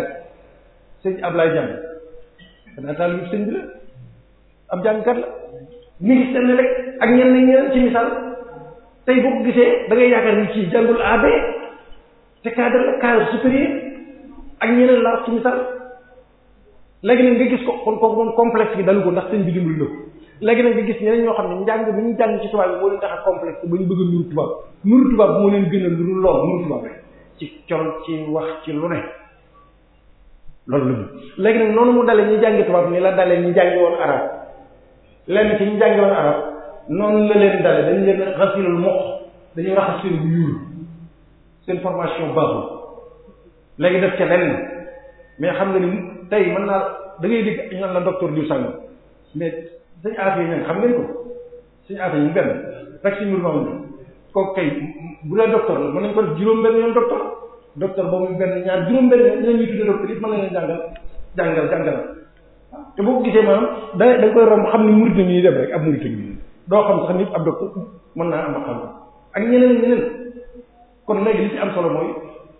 sëñ la ab jàngkat la mi ngi seen rek ak ñenn ñeneen ci misaal tey boo ko gisee da yaakaar ni ci jàngul AB te cadre la cadre supérieur ak ñeneen la ci misaal léegi nag nga gis ko kon kooku moom complexe dalu ko ndax sëñ bi dimbali la ko léegi nag nga gis ñeneen ñoo xam ne njàng bi ñu jàng ci tubaab bi moo leen tax a complexe ba ñu bëgg a nuru tubaab nuru tubaab moo leen gën a lool nuru tubaab rek ci col ci wax ci lu ne loolu lu léegi nag noonu mu dale ñu jàngi tubaab ni la dale ñu jàngi woon arab lenn ci ñu jàngi woon arab noonu la leen dale dañ leen rasilul mokk dañuy raxas seen bu yuul seen formation baaxul léegi def ca lenn mais xam nga ni tey mën naa da ngay dégg ñu naan la docteur Diouf sànni mais suñu affaire yi xam ngeen ko suñu affaire yi benn rek si mbirum kooku kay bu dee docteur la mën nañu ko juróom-benn yoon docteur docteur boobu benn ñaar juróom-benn yoon dinañ ñu tuddee docteur it mën na leen jàngal jàngal jàngal ko gisee maanaam da nga koy romb xam ni murid la ñuy def rek ab murid la doo xam sax nit ab docteur mën naa am xam ak ñeneen ñeneen kon léegi li ci am solo mooy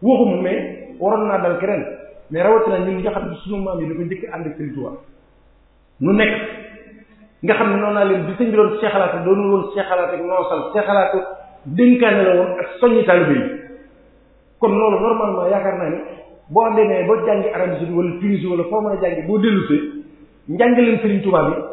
waxuma mais waroon naa dal keneen mais rawatina ñun nga xam ne sunu maam yi dafa njëkk ànd ak Sëriñ Tuubaa nu nekk. nga xam ne noonu naa leen bi sëñ bi doon seexalaate doonul woon seexalaate ak noosal seexalaate dénkaane la woon ak soññi taalibe yi kon loolu normalement yaakaar naa ne boo ne demee ba jàngi Arabie Saoudite wala Tunisie wala foo man a jàngi boo dellusee njàngaleen Sëriñ Tuubaa bi